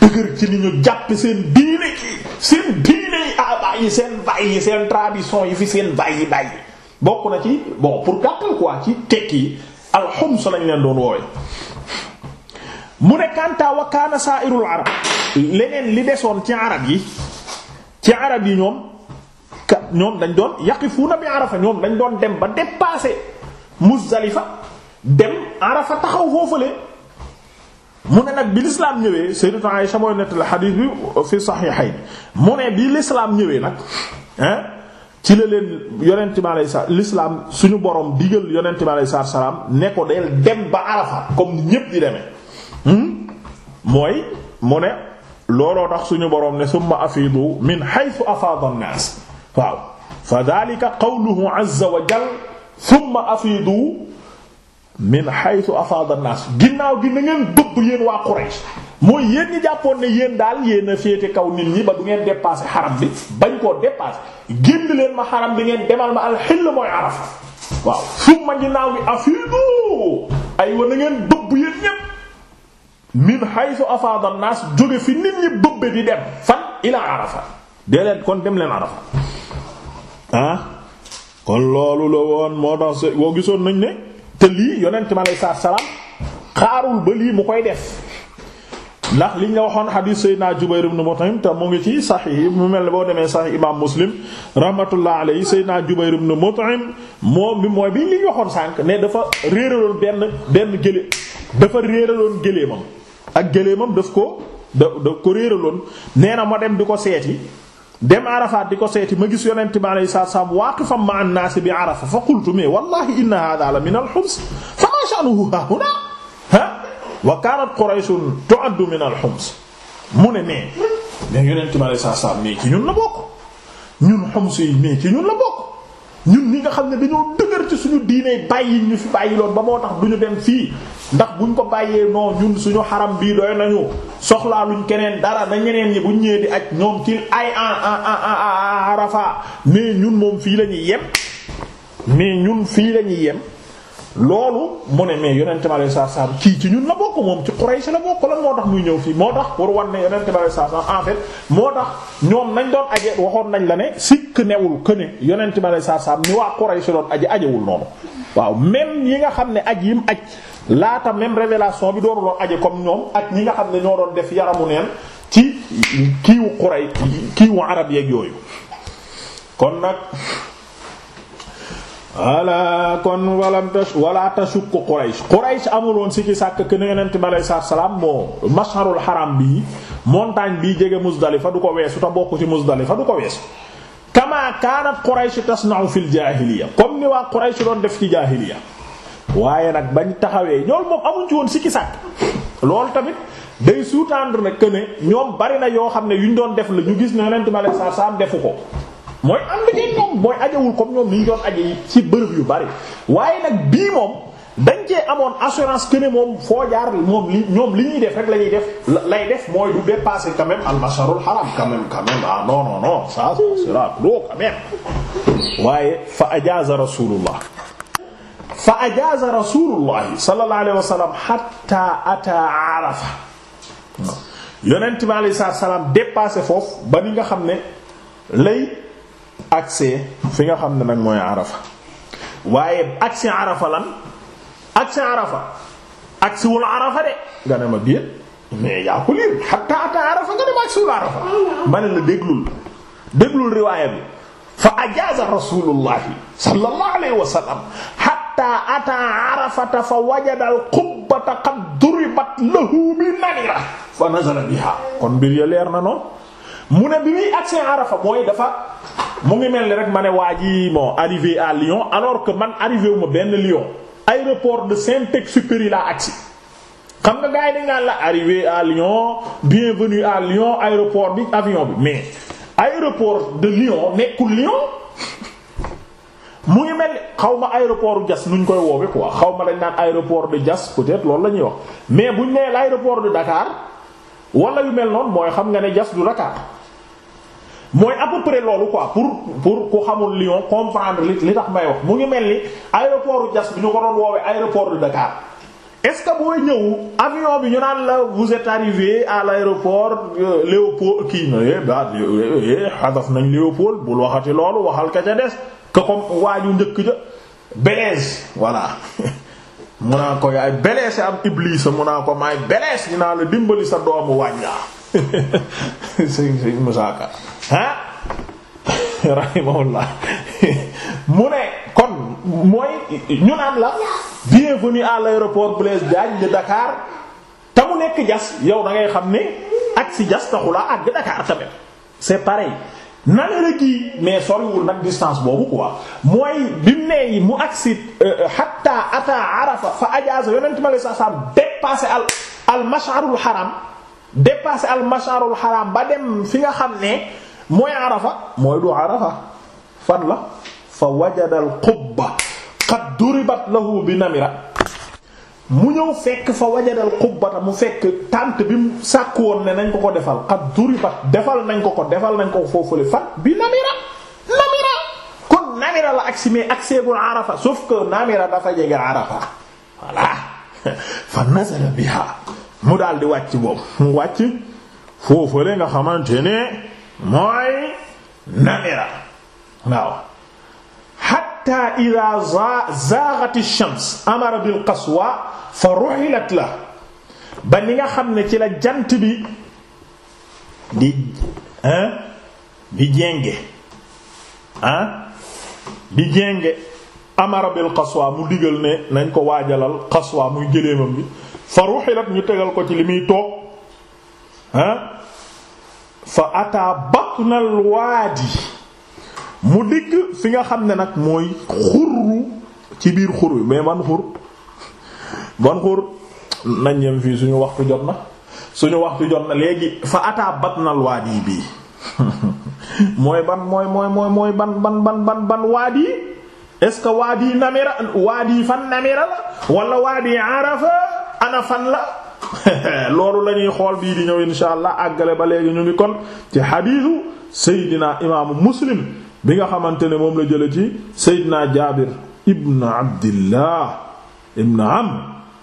dëgër ci li ñu jàpp seen diine yi seen diine yi abaa ah, yi seen bàyyi seen tradition yi fi seen bàyyi bàyyi bokk na ci bon pour gàttal quoi ci tekki yi al lañ leen doon woowe mu ne kanta wakaana saairul arab leneen li desoon ci arab yi ci arab yi ñoom ka ñoom dañ doon yaqifuuna bi arafa ñoom dañ doon dem ba dépasser Muzdalifa dem arafa taxaw foofale mu ne nag bi lislaam ñëwee Sayyidatu Aisha mooy nett la xadiis bi fi saxiixayn mu ne bi lislaam ñëwee nag hein ci la leen yonent bi lislaam suñu borom digal yonent bi alayhi salaam ne ko del dem ba arafa comme ñépp di demee hmm? mooy mu ne looloo tax suñu boroom ne summa afiidu min haythu afaada an-naas waaw fa dhaalika qawluhu azza wa jalla summa afiidu min haythu afaada an-naas ginnaaw gi na ngeen bëbb yéen waa Quraysh mooy yéen ñi jàppoon ne yéen daal yéen a féete kaw nit ñi ba du ngeen dépasser xaram bi bañ koo dépasser génn leen ma xaram bi ngeen demal ma alxill mooy Arafa waaw summa ginnaaw gi afiidu ay wa na ngeen min haythu afaada an-naas jóge fi nit ñi bëbbe di dem fan ila arafa dee leen kon dem leen arafa ah kon loolu la woon moo tax boo gisoon nañ ne te lii yonent mi aleyhi salaatu salaam xaarul ba lii mu koy def ndax liñ la waxoon xadiis Seydina Jubayr ibn Mut'im te mu ngi ci Sahih mu mel ne boo demee Sahih imaam Muslim rahmatullah alayhi Seydina Jubayr ibn Mut'im moom bi mooy bi liñ waxoon sànq ne dafa réeraloon benn benn gëlé dafa réeraloon gëléemam ak gëléemam daf ko da da ko réeraloon nee na ma dem di ko seeti dem Arafat di ko seeti ma gis yonent bi alayhi salaatu salaam waaqifan ma'a an-naas bi Arafa fa qultu mais wallahi inna haadha la min al-hums fa maa sha'nuhu haahuna ha wa kaanat Qurayshun tu'addu min al mu ne mais mais yonent bi alayhi salaatu salaam mais ci ñun la bokk ñun xums yi mais ci ñun la bokk ñun ñi nga xam ne dañoo dëgër suñu diine bàyyi ñu fi bàyyi ba moo tax duñu dem fii ndax buñ ko bàyyee non ñun suñu xaram bii doy nañu soxlaa luñ keneen dara na ñeneen ñi buñ ñëwee di aj ñoom kii ay en en en Arafa mais ñun moom fii la ñuy yem mais ñun fii la ñuy yem loolu mu ne mais yonente bi alei satu salaam kii ci ñun la bokk moom ci Quraysh la bokk lan moo tax muy ñëw fii moo tax pour wan ne yonente bi alei satu moo tax ñoom nañ doon aje waxoon nañ la ne sikk newul que ne yonente bi alei satu salaam ni waa Quraysh doon aje ajewul noonu waaw même yi aj yim aj laata même révélation bi doonu loon aje comme ñoom ak ñi nga xam ne ñoo doon def yaramu neen ci kiiwu xuray kiiwu arab yeeg yooyu kon nag voilà kon wala tas wala tasuk ko Quraysh Quraysh amuloon si ci sàkk que ne yonent bi alayhi salaatu salaam moo masharul haram bii montagne bii jege Muzdalifa du ko weesu te bokk ci Muzdalifa du ko weesu. kama kaanat Quraysh tasna'u fil jaahiliya comme ni waa Quraysh doon def ci jaahiliya waaye nag bañ taxawee ñoom moom amuñ ci woon sikki sàkk loolu tamit day sous-tendre que ne ñoom bari na yoo xam ne yu ñu doon def la ñu gis ne yonent bi alayhi salaatu salaam defu ko mooy am na ñoom mooy ajawul ni ñu doon aje ci bërëb yu bari waaye nag bii moom dañ cee amoon assurance que moom foo jaar moom li ñoom li ñuy def rek la ñuy def lay def mooy du dépasser quand même al-masharul haram quand même quand même ah non non non ça ça sera trop waaye fa ajaza rasulullah fa ajaaza rasuulullahi sallallahu alayhi wa ata arafa yonent bi alayhi salaam dépassé foofu ba ni nga xam ne lay accès fi nga xam ne nag mooy arafa waaye accès arafa lan accès arafa accès wul arafa de nga ne ma biir mais yaa ko liir ata arafa nga ne ma accès wul arafa ma ne la déglul déglul riwaaya bi fa ajaaza rasuulullahi sallallahu alayhi wa xatta ataa arafata fa wajada al qubbata qad duribat lahu bi nanira fa nazala biha kon mbir ya leer na noonu mu ne bi muy agsi arafa mooy dafa mu ngi mel ni rek ma ne waa ji bon arrivé Lyon alors que man arrivé wu ma benn Lyon aéroport de Saint-Exupéry laa agsi xam nga gars yi dañ la arrivé à Lyon bienvenue à Lyon aéroport bi avion bi mais aéroport de Lyon nekkul Lyon mu ngi mel xaw ma aéroport Diass nuñ koy woowe quoi xaw ma dañ naan aéroport de Diass peut-être loolu la ñuy wax mais bu buñ nee l'aéroport de Dakar wala yu mel noonu mooy xam nga ne jas du Dakar mooy à peu près loolu quoi pour pour ku xamul Lyon comprendre li li tax may wax mu ngi mel ni aéroport Diass bi ñu ko doon woowee aéroport de Dakar est-ce que booy ñëw avion bi ñu naan la vous êtes arrivé à l'aéroport euh, Léopold kii na eh ba eh, eh, eh, hadaf nañ Léopold bul waxati loolu waxal que comme waaju njëkk ja belees voilà (laughs) mun naa ko yaay belees am iblis mun naa ko maay belees dinaa la dimbali sa doomu wàññaa (laughs) sëñ sëñ musaaka ah (laughs) rahimahullah mu ne kon mooy ñu naan la bienvenue à l'aéroport Blaise Diagne de Dakar te mu nekk jas yow da xam ne ak si jas taxulaa àgg Dakar tamit c'est pareil nane gi mais soriwul nag distance boobu quoi mooy bi mu nee mu agsi euh, euh, hatta ata arafa fa ajaasa yonent ma lay sa sam dépassé al al mash'arul al mash'arul haram ba fi nga xam ne mooy arafa mooy du arafa fan la fa wajada al qubba qad duribat bi namira mu ñëw fekk fa wajadal xubbata mu fekk tànt bi mu sàkk woon ne nañ ko ko defal xat duribat defal nañ ko ko defal nañ ko ko foofule fat bi namira namira kon namira la agsi mais agseegul arafa sauf que namira dafa jege arafa voilà (laughs) fa nazala biha mu daal di wàcc boobu mu wàcc foofule nga xamante ne mooy namira waaw xatta ida zaagat ash-shams amara bil qaswa fa ruhilat la ba ni nga xam ne ci la jant bi di hein di jénge ah di jénge amara bil qaswa mu digal ne nañ ko waajalal qaswa muy gëléemam bi fa ruhilat ñu tegal ko ci li muy toog ah fa ata batnal waadi mu dikk fi nga xam ne nag mooy xurru ci biir xur wi mais ban xur ban xur nañ yem fii suñu waxtu jot na suñu waxtu jot na léegi fa ataa batnal waadi bii (laughs) mooy ban mooy mooy mooy mooy ban ban ban ban ban waadi est-ce que waadi namira waadi fan namira la wala waadi arafa ana fan la (laughs) loolu la ñuy xool bii di ñëw insha allah àggale ba léegi ñu ngi kon ci xadiisu seydina imaamu muslim bi nga xamante ne moom la jële ci Seydina Jaabir ibn Abdillah ibn Amr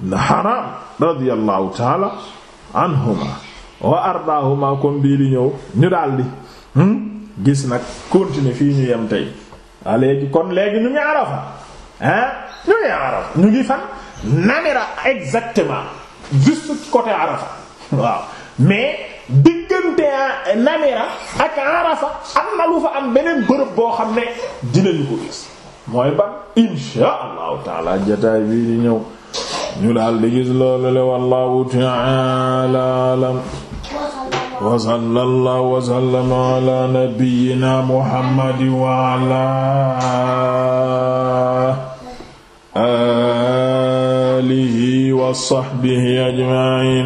ibn Haram radiyallahu taala anhuma wa ardaahuma kon bii di ñëw ñu daldi hmm? gis nag continuer fii ñu yem tey waa ah, léegi kon léegi ñu ngi Arafa ah ñu ngi Arafa ñu ngi fan namira exactement juste côté Arafa waaw mais diggante namira ak arafa am na lu fa am beneen bërëb boo xam ne dinañu ko gis mooy ban insha allahu taala jataay bii di ñëw ñu daal di gis loolu le wallahu taala alam wa sallallahu wa sallama ala nabiyyina muhammadin wa ala alihi wa sahbihi ajma'in